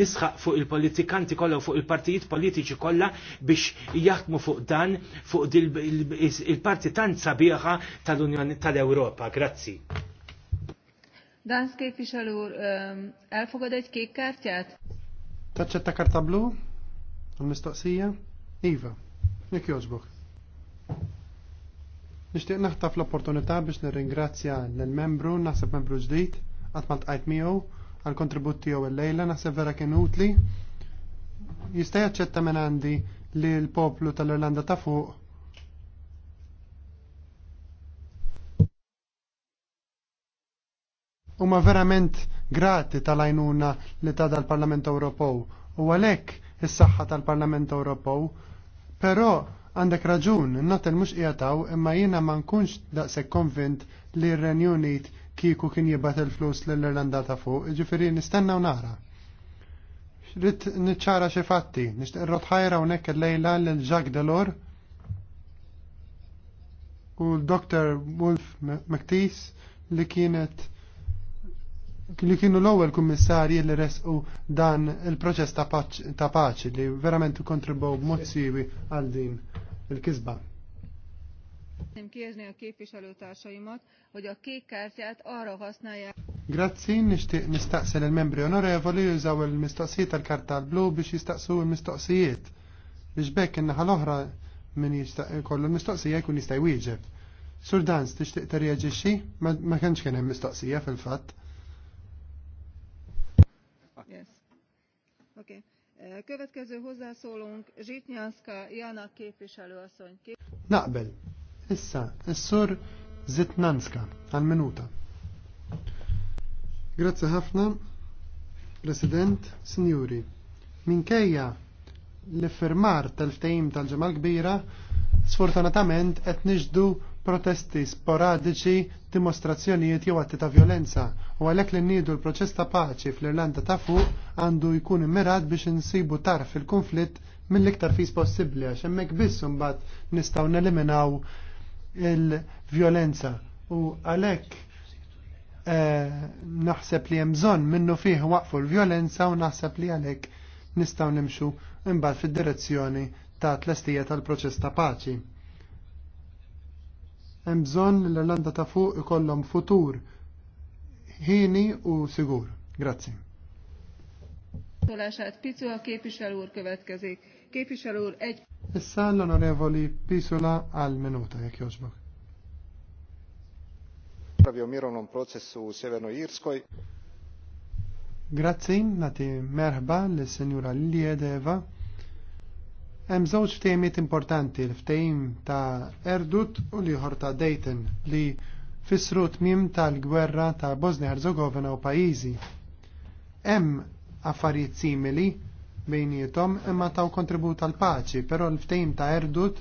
nisħaq fuq il-politikanti kollha u fuq il-partijiet politiċi kollha biex jaħdmu fuq dan fuq il-parti tant sabiħa tal-Unjoni tal-Ewropa. Grazzi. Dansk képviselő úr, elfogad kik kartjat? Taċċetta karta blu? Għal-mistoqsija? Iva, jek joġbuk? Nishtiq naħtaf l-opportunità biex nirringrazzja l-membru, naħseb membru ġdid, għatma tqajt miegħu għal kontribut tiegħu l-lejla, naħseb vera kien utli. Jista' jaċċetta minn għandi li l-poplu tal-Irlanda ta' fuq Huma verament grati tal-għajnuna li ta' dal-Parlament Ewropew u għalhekk is-saħħa tal-Parlament Ewropew, però Għandek raġun, n il mux jgħataw, imma jiena ma nkunx daqseg konvint li r-Renju Unit kiku kien jibbat il-flus l-Irlanda ta' fuq, ġifiri nistenna u nara. Rrit nċara xi fatti, nixtieq rotħajra hawnhekk l lejla lil Jacques delor u l-Dr. Wolf McTees li kienet li kienu l-ewwel kummissarji li resqu dan il-proċess ta' paċi li verament kontribow b'mod siwi għal din il-kisba. Szeretném kérni a képviselőtársaimat, hogy a kék kártyát arra használják. Grazzi, nishtiq nistaqsi il-membri onorevoli jużaw il-mistoqsijiet tal-karta blu biex jistaqsu il-mistoqsijiet biex bekk innaħa l-oħra min kollu l-mistoqsija jkun jista' jwieġeb. Sur Dans, tixtieq xie? Ma kienx kien mistoqsija fil-fatt. Yes. Okay. Eh, következő hozzászólónk Zsitnyászka Jana képviselőasszony. Kép... Naqbel. Issa, s Zitnanska, għal-minuta. Grazie ħafna, President, Signori. Minkejja l-fermar tal-ftejim tal-ġemal kbira, sfortunatament qed niġdu protesti sporadiċi, dimostrazzjonijiet jew atti ta' violenza u għalhekk li nniedu l-proċess ta' paċi fl-Irlanda ta' fuq għandu jkun immirat biex insibu tarf il-konflitt mill-iktar fis possibbli għax hemmhekk biss imbagħad nistgħu neliminaw il-violenza u għalhekk eh, naħseb li hemm bżonn minnu fih waqfu l-vjolenza u naħseb li għalhekk nistgħu nimxu imbagħad fid-direzzjoni ta' tlestija tal-proċess ta' paċi hemm bżonn li l-Irlanda ta' fuq ikollhom futur ħini u sigur. Grazzi. Tolását Picula képviselő úr következik. Képviselő úr egy... Issa l-onorevoli Picula għal minuta, jek joġbok. Pravio mirovnom processu u Severnoj Irskoj. Grazzi, nati merħba l-senjura Liedeva Hemm żewġ ftehimiet importanti l-ftehim ta' Erdut u l-ieħor ta' Dayton li fissru tmiem tal-gwerra ta' Bosnia Herzegovina u pajjiżi. Hemm affarijiet simili bejnietom imma taw kontribut tal paċi, però l-ftehim ta' Erdut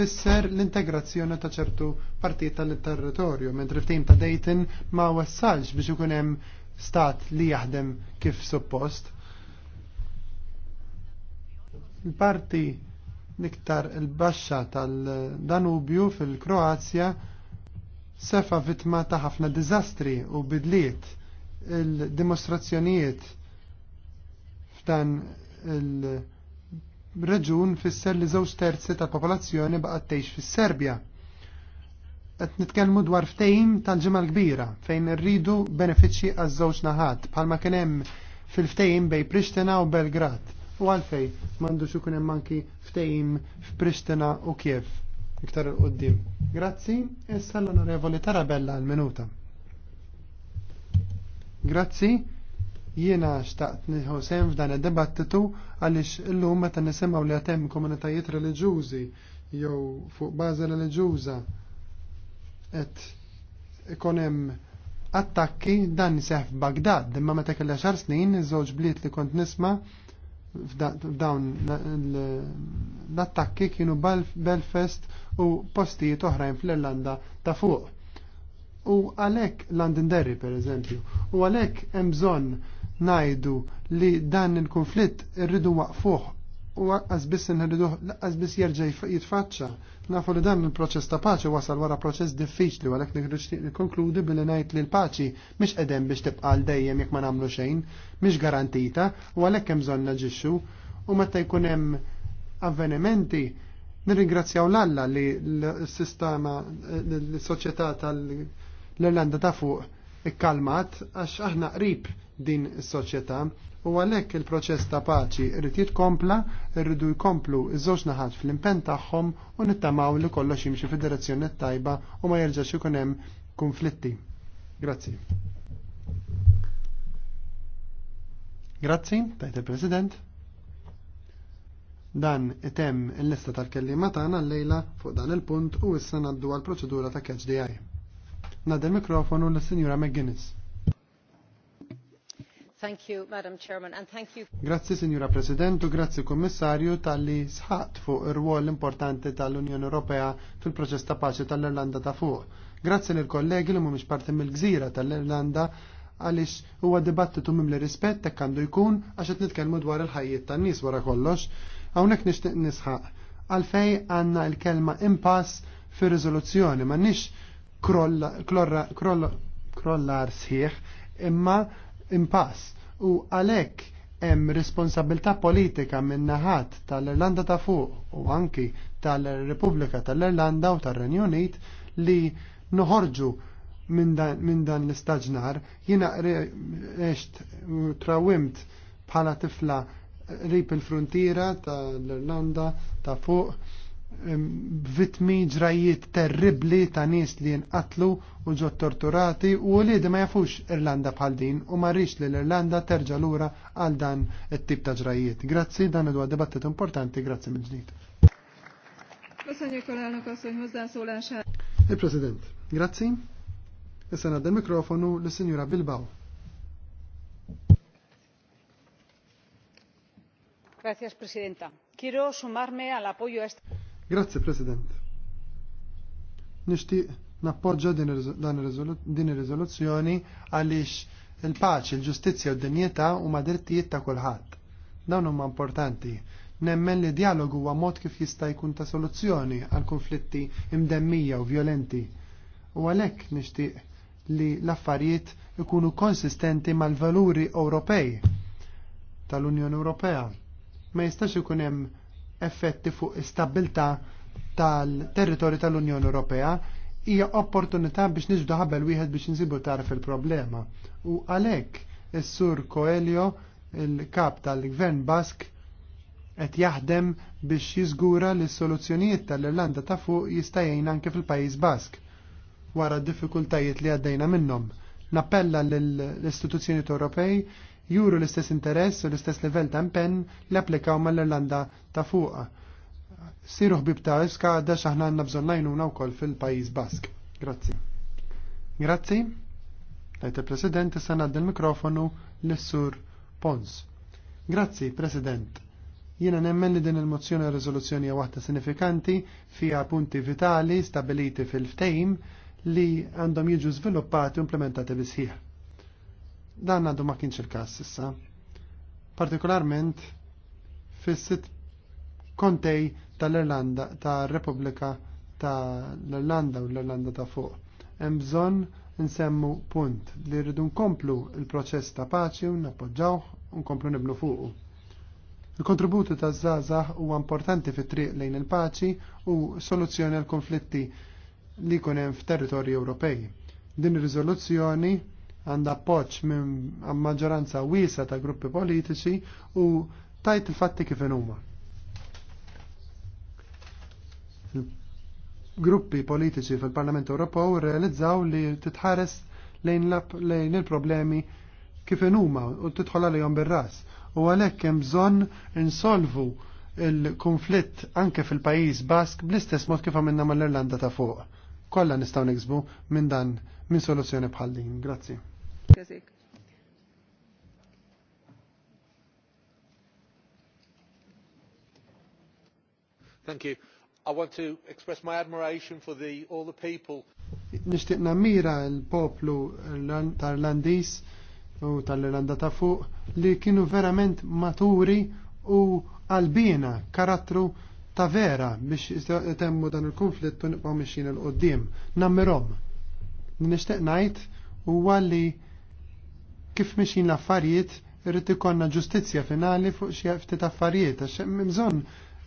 fisser l-integrazzjoni ta' ċertu partit tal-territorju, mentre l-ftehim ta' Dayton ma wassalx biex ikun hemm stat li jaħdem kif suppost Il-parti l-iktar il-baxxa tal-Danubju fil-Kroazja sefa vittma ta' ħafna diżastri u bidliet il-dimostrazzjonijiet f'dan il-reġun fisser li żewġ terzi tal-popolazzjoni baqgħet tgħix fis-Serbja. Qed nitkellmu dwar ftehim tal-ġimgħa l-kbira fejn irridu benefiċċji għaż-żewġ naħat bħalma kien hemm fil-ftehim bejn Prishtina u Belgrad u għalfej m'għandux ikun hemm anki ftehim f'Prishtina u Kiev iktar il qoddim Grazzi, issa l-Onorevoli Tarabella għal-minuta. Grazzi jiena xtaqt nħu sem f'dan id-dibattitu għaliex illum meta nisimgħu li għatem komunitajiet reliġjużi jew fuq bażi reliġjuża et ikun hemm attakki dan seħ f'Bagdad imma meta kellha xar snin iż-żewġ bliet li kont nisma' f'dawn l-attakki kienu Belfast u postijiet oħrajn fl-Irlanda ta' fuq. U għalek Derry, per eżempju, u għalek hemm bżonn najdu li dan il-konflitt irridu waqfuh u għaqqas biss inħeriduh, laqqas biss jerġa' jitfaċċa. Nafu li dan il-proċess ta' paċi wasal wara proċess diffiċli għalek għalhekk nirriġ billi ngħid li l-paċi miex edem biex tibqa' dejjem jekk ma nagħmlu xejn, mhix garantita u għalhekk hemm zon naġixxu u meta jkun hemm avvenimenti nirringrazzjaw l-Alla li l-sistema l-soċjetà tal-Irlanda ta' fuq ikkalmat għax aħna qrib din is-soċjetà U għalhekk il-proċess ta' paċi irrid jitkompla, irridu jkomplu iż-żewġ naħat fl-impenn tagħhom u nittamaw li kollox jimxi fid-direzzjoni tajba u ma jerġax ikun hemm konflitti. Grazzi. Grazzi, tajt il-President. Dan item il-lista tal-kellima tagħna l-lejla fuq dan il-punt u issa ngħaddu għall-proċedura ta' KHDI. DI. il-mikrofonu lis sinjura McGuinness. Grazie Grazzi, Signora Presidente, grazie Commissario, tali sħat fuq ir ruol importanti tal-Unjoni Europea fil-proċess ta' paċi tal-Irlanda ta' fuq. Grazzi lill-kollegi li mhumiex parti mill-gżira tal-Irlanda għaliex huwa dibattitu mimli rispett hekk għandu jkun għax qed nitkellmu dwar il-ħajjiet tan-nies wara kollox. Hawnhekk nixtieq nisħaq għalfej għandna l-kelma impass fir-riżoluzzjoni m'għandniex krollar sħiħ imma impass u għalhekk hemm responsabilità politika minn naħat tal-Irlanda ta' fuq u anki tal-Repubblika tal-Irlanda u tar-Renju Unit li noħorġu minn dan l-istaġnar jiena għext trawimt bħala tifla rip il frontira tal-Irlanda ta' fuq vitmi ġrajiet terribli ta' nies li jinqatlu u ġo torturati u li ma jafux Irlanda bħal din u marriċ li l-Irlanda terġa lura għal dan it-tip ta' ġrajiet. Grazzi, dan id dibattit importanti, grazzi minn ġdid. Il-President, grazzi. Issa nadda mikrofonu l-Sinjura Bilbao. Gracias, Presidenta. Quiero sumarme al apoyo a esta... Grazzi, President. Nishtiq nappoġġa din ir-riżoluzzjoni għaliex il-paċi, il-ġustizzja u d dinjeta huma drittijiet ta' kulħadd. Dawn huma importanti. Nemmen li dialogu huwa mod kif jista' jkun ta' soluzzjoni għal konflitti imdemmija u violenti. U għalhekk nixtieq li l-affarijiet ikunu konsistenti mal-valuri Ewropej tal-Unjoni Ewropea. Ma jistax ikun hemm effetti fuq istabilità tal-territorju tal-Unjoni Ewropea hija opportunità biex niġdu ħabel wieħed biex nsibu tarf il-problema. U għalhekk is-sur Coelho, il-kap tal-Gvern Bask, qed jaħdem biex jiżgura li s-soluzzjonijiet tal-Irlanda ta' fuq jista' jgħin anke fil-Pajjiż Bask wara d diffikultajiet li għaddejna minnhom. Nappella l istituzzjonijiet Ewropej juru l-istess interess u l-istess livell ta' impenn li applikaw mal-Irlanda ta' fuqa. Siru ħbib ta' iska għadda xaħna għanna bżon najnuna u fil-pajis Bask. Grazzi. Grazzi. Tajt il-President issa għadda l-mikrofonu l-Sur Pons. Grazzi, President. Jiena nemmen li din il-mozzjoni u rezoluzzjoni waħda sinifikanti fija punti vitali stabiliti fil-ftejm li għandhom jiġu sviluppati u implementati bisħiħ. Dan għandu ma kienx il-kas issa. Partikolarment fis-sit kontej tal-Irlanda, tal-Repubblika tal-Irlanda u l-Irlanda ta' fuq. Hemm bżonn nsemmu punt li rridu nkomplu il-proċess ta' paċi u nappoġġaw u nkomplu nibnu fuqu. Il-kontributi ta' Zaza huwa importanti fit-triq lejn il-paċi u soluzzjoni għal konflitti li jkun hemm f'territorji Ewropej. Din ir-riżoluzzjoni għandha appoġġ minn maġġoranza wiesa ta' gruppi politiċi u tajt il-fatti kif huma. Gruppi politiċi fil-Parlament Ewropew realizzaw li titħares lejn il-problemi kif huma u tidħol għalihom bir-ras. U għalhekk hemm bżonn insolvu il-konflitt anke fil-pajjiż Bask bl-istess mod kif għamilna mal-Irlanda ta' fuq. Kollha nistgħu niksbu minn dan minn soluzzjoni bħal din. Grazzi következik. Thank you. I want to express my admiration for the, all the people. Nishtiq namira il poplu tal-Irlandis u tal-Irlanda ta' fuq li kienu verament maturi u għalbina karattru ta' vera biex temmu dan il-konflitt u nibqaw mixin l-qoddim. Nammirom. Nishtiq najt u għalli kif mixin l-affarijiet irrid ikonna ġustizzja finali fuq xi ftit affarijiet għax bżonn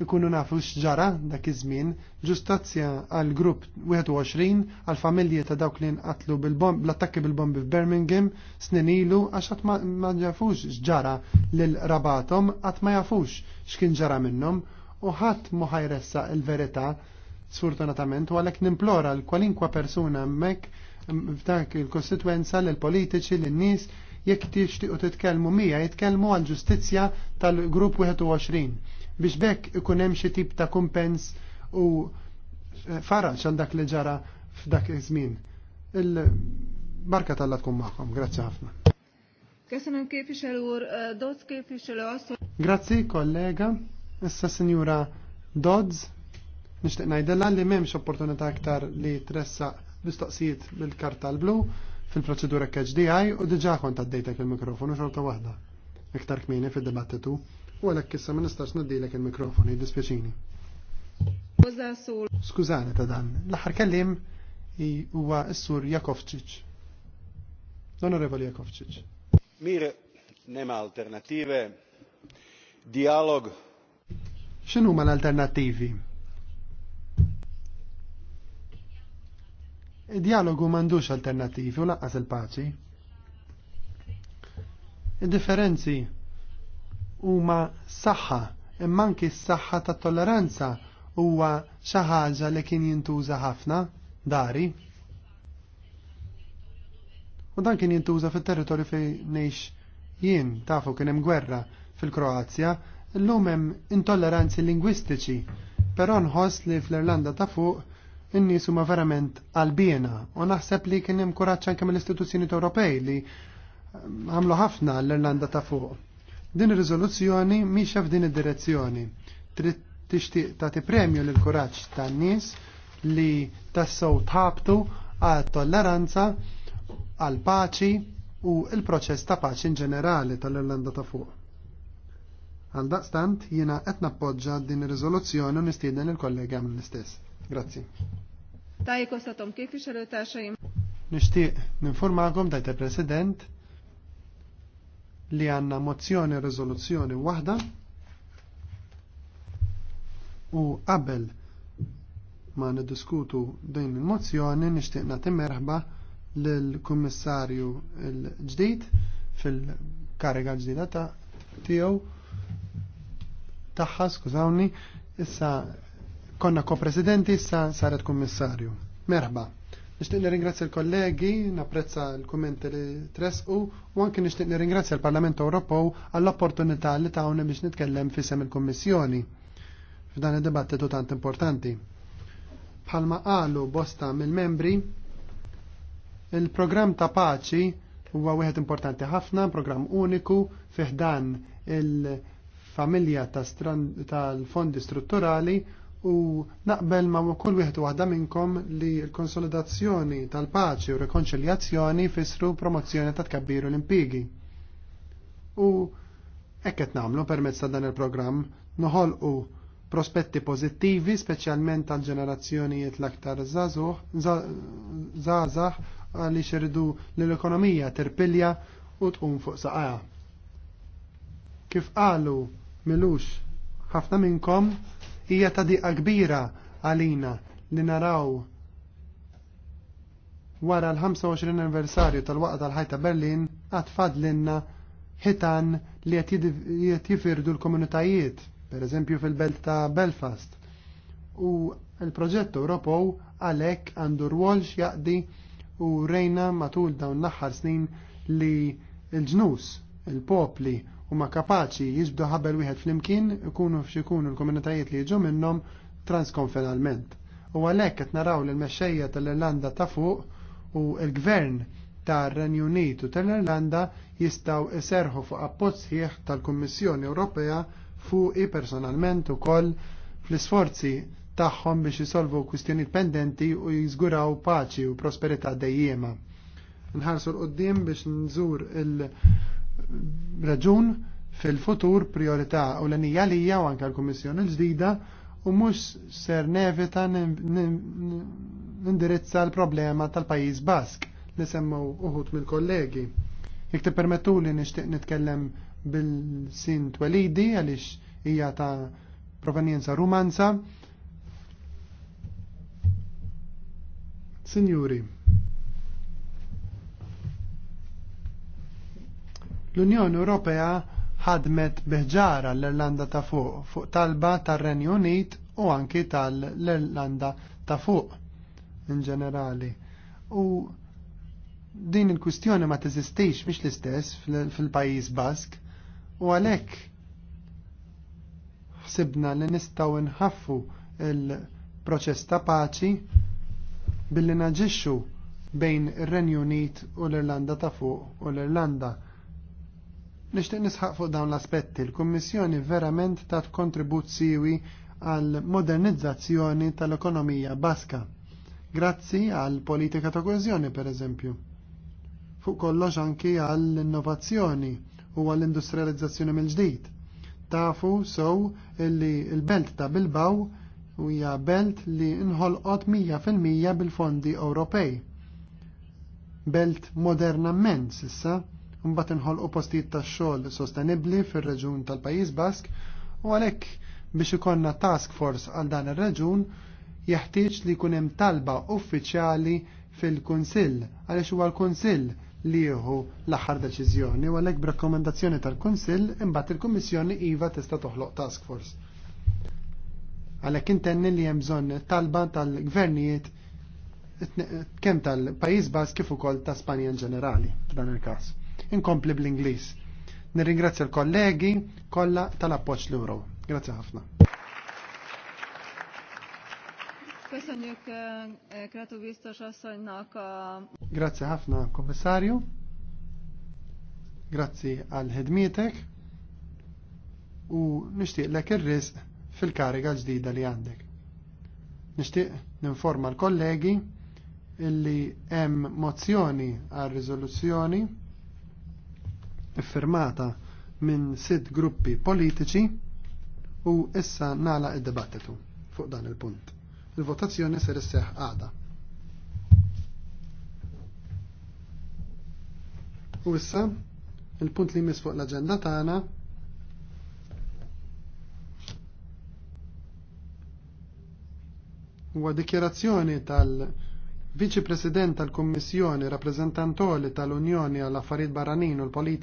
ikunu nafu x'ġara dak iż-żmien, ġustizzja għal grupp 21 għal familji ta' dawk li nqatlu bl-attakki bil-bombi f'Birmingham snin ilu għax qatt ma ġafux x'ġara lil rabatom qatt ma jafux x'kien ġara minnhom u ħadd mu ħajressa l-verità sfortunatament u għalhekk nimplora l kwalinkwa persuna hemmhekk f'dak il-kostituenza l-politiċi l-nies jekk tixtiqu titkellmu mija jitkellmu għal ġustizzja tal-grupp 21 biex bekk ikun hemm xi tip ta' kumpens u eh, faraġ għal dak li ġara f'dak iż-żmien. Il-barka tal tkun magħhom, grazzi ħafna. Kessan képviselő Dodds képviselő Grazzi, kollega. Issa sinjura Dodz Nishtiq najdella li memx opportunità aktar li tressa mistoqsijiet bil-karta l-blu fil-proċedura KHDI u diġa kont għaddejtek il-mikrofonu xorta waħda. Iktar kmini fil-dibattitu u għalek kissa ma nistax naddilek il-mikrofonu, dispieċini. Skużani ta' dan, l-aħħar kellim huwa s-sur Jakovċiċ. L-Onorevoli Jakovčić. Mir nema alternative, dialog. X'inhuma l-alternattivi? Id-dialogu mandux alternativi u laqqas il-paċi. il differenzi huma saħħa imma s-saħħa ta' tolleranza huwa xi ħaġa li kien jintuża ħafna dari. U dan kien jintuża fit-territorju fejn ngħix jien tafu kien hemm gwerra fil-Kroazja, illum hemm intolleranzi lingwistiċi, però nħoss li fl-Irlanda ta' fuq in-nies huma verament għalbiena u naħseb li kien hemm kuraġġ anke mill-istituzzjoni Ewropej li ehm, għamlu ħafna l-Irlanda ta' fuq. Din ir-riżoluzzjoni mhix f'din id-direzzjoni. Trid tixtieq tagħti premju lil kuraġġ tan-nies li tassew tħabtu għal tolleranza għal paċi u il-proċess ta' paċi in ġenerali tal-Irlanda ta' fuq. Għal daqstant jiena qed nappoġġa din ir-riżoluzzjoni u nistieden il-kollega mill-istess. Grazzi. Tájékoztatom képviselőtársaim. Nisti, ninformálkom, tajt il-President li għanna mozzjoni rezoluzzjoni waħda u qabel ma niddiskutu din il-mozzjoni nishtiq nagħti merħba lill-Kummissarju l-ġdid fil-kariga ġdida tiegħu tagħha skużawni issa Konna ko-presidenti, sa saret kummissarju. Merħba. Nishtiq nirringrazzja l-kollegi, napprezza l-kummenti li tresqu, u anke nishtiq nirringrazzja l-Parlament Ewropew għall-opportunità li tawni biex nitkellem fisem il-Kummissjoni f'dan id-dibattitu tant importanti. Bħalma qalu bosta mill-membri, il-programm ta' paċi huwa wieħed importanti ħafna, programm uniku fiħdan il- familja tal-fondi strutturali u naqbel ma kull wieħed waħda minnkom li l-konsolidazzjoni tal-paċi u rekonċiljazzjoni fissru promozzjoni ta' tkabbir l-impigi. U ekket namlu permezz ta' dan il-programm noħolqu prospetti pozittivi, speċjalment tal-ġenerazzjonijiet l-aktar żgħażagħ li xirridu l-ekonomija terpilja u tqum fuq saqaja. Kif qalu milux ħafna minnkom hija ta' diqa kbira għalina li naraw wara l-25 anniversarju tal-waqt tal-ħajta Berlin għad fadlinna ħitan li qed jifirdu l-komunitajiet, pereżempju fil-belt ta' Belfast. U l-proġett Europow għalhekk għandu rwol x'jaqdi u rejna matul dawn l-aħħar snin li l-ġnus, il-popli, huma kapaċi jiġbdu ħabel wieħed flimkien ikunu f'xikunu l-komunitajiet li jiġu minnhom transkonfinalment. U għalhekk qed naraw l mexxejja tal-Irlanda ta' fuq u l-Gvern tar-Renju Unit u tal-Irlanda jistgħu iserħu fuq appoġġ sħiħ tal-Kummissjoni Ewropea fuqi personalment ukoll fl-isforzi tagħhom biex isolvu kwistjonijiet pendenti u jiżguraw paċi u prosperità dejjema nħarsu l-qoddim biex nżur il- raġun fil-futur priorità u l-għanija li u anka l-Komissjoni l-ġdida u mux ser nevita nindirizza l-problema tal-pajis Bask li semmu uħut mill-kollegi. Jek te permettu li nishtiq nitkellem bil-sin twelidi għalix hija ta' provenienza rumanza. Signori, L-Unjoni Ewropea ħadmet biħġara l-Irlanda ta' fuq fuq talba tar-Renju Unit u anki tal-Irlanda ta' fuq in ġenerali. U din il-kustjoni ma teżistix biex l-istess fil-Pajjiż Bask u għalhekk ħsibna li nistgħu nħaffu il-proċess ta' paċi billi naġixxu bejn ir-Renju Unit u l-Irlanda ta' fuq u l-Irlanda. Nixtieq nisħaq fuq dawn l-aspetti, il kummissjoni verament tat kontribut siwi għal modernizzazzjoni tal-ekonomija baska, grazzi għal politika ta' koeżjoni per eżempju. Fuq kollox anki għall innovazzjoni u għall industrializzazzjoni mill-ġdid. Tafu sow illi l-belt ta' Bilbaw hija belt li nħolqot 100% bil-fondi Ewropej. Belt moderna s'issa mbagħad inħolqu postijiet tax-xogħol sostenibbli fir-reġun tal-Pajjiż Bask u għalhekk biex ikollna task force għal dan ir-reġun jeħtieġ li jkun hemm talba uffiċjali fil-Kunsill għaliex huwa l-Kunsill li jieħu l-aħħar deċiżjoni u għalhekk b'rakkomandazzjoni tal-Kunsill imbagħad il-Kummissjoni iva tista' toħloq task force. Għalhekk intenni li hemm bżonn talba tal-gvernijiet kemm tal-Pajjiż Bask kif ukoll ta' Spanja in ġenerali f'dan il-każ inkompli bl-Ingliż. Nirringrazzja l-kollegi kollha tal-appoġġ l uraw. Grazzi ħafna. Köszönjük eh, Kretu biztos asszonynak a... Grazie ħafna, kommissarju. Grazzi għal ħedmietek u nishtiq ir irriz fil-kariga ġdida li għandek. Nishtiq ninforma l-kollegi illi hemm mozzjoni għal riżoluzzjoni iffirmata minn sitt gruppi politiċi u issa nala id-dibattitu fuq dan il-punt. Il-votazzjoni ser isseħ għada. U issa il-punt li mis fuq l-agenda tagħna huwa dikjerazzjoni tal- Viċi President tal-Kommissjoni Rappresentantoli tal-Unjoni għall-Affarijiet Barranin u l-Politika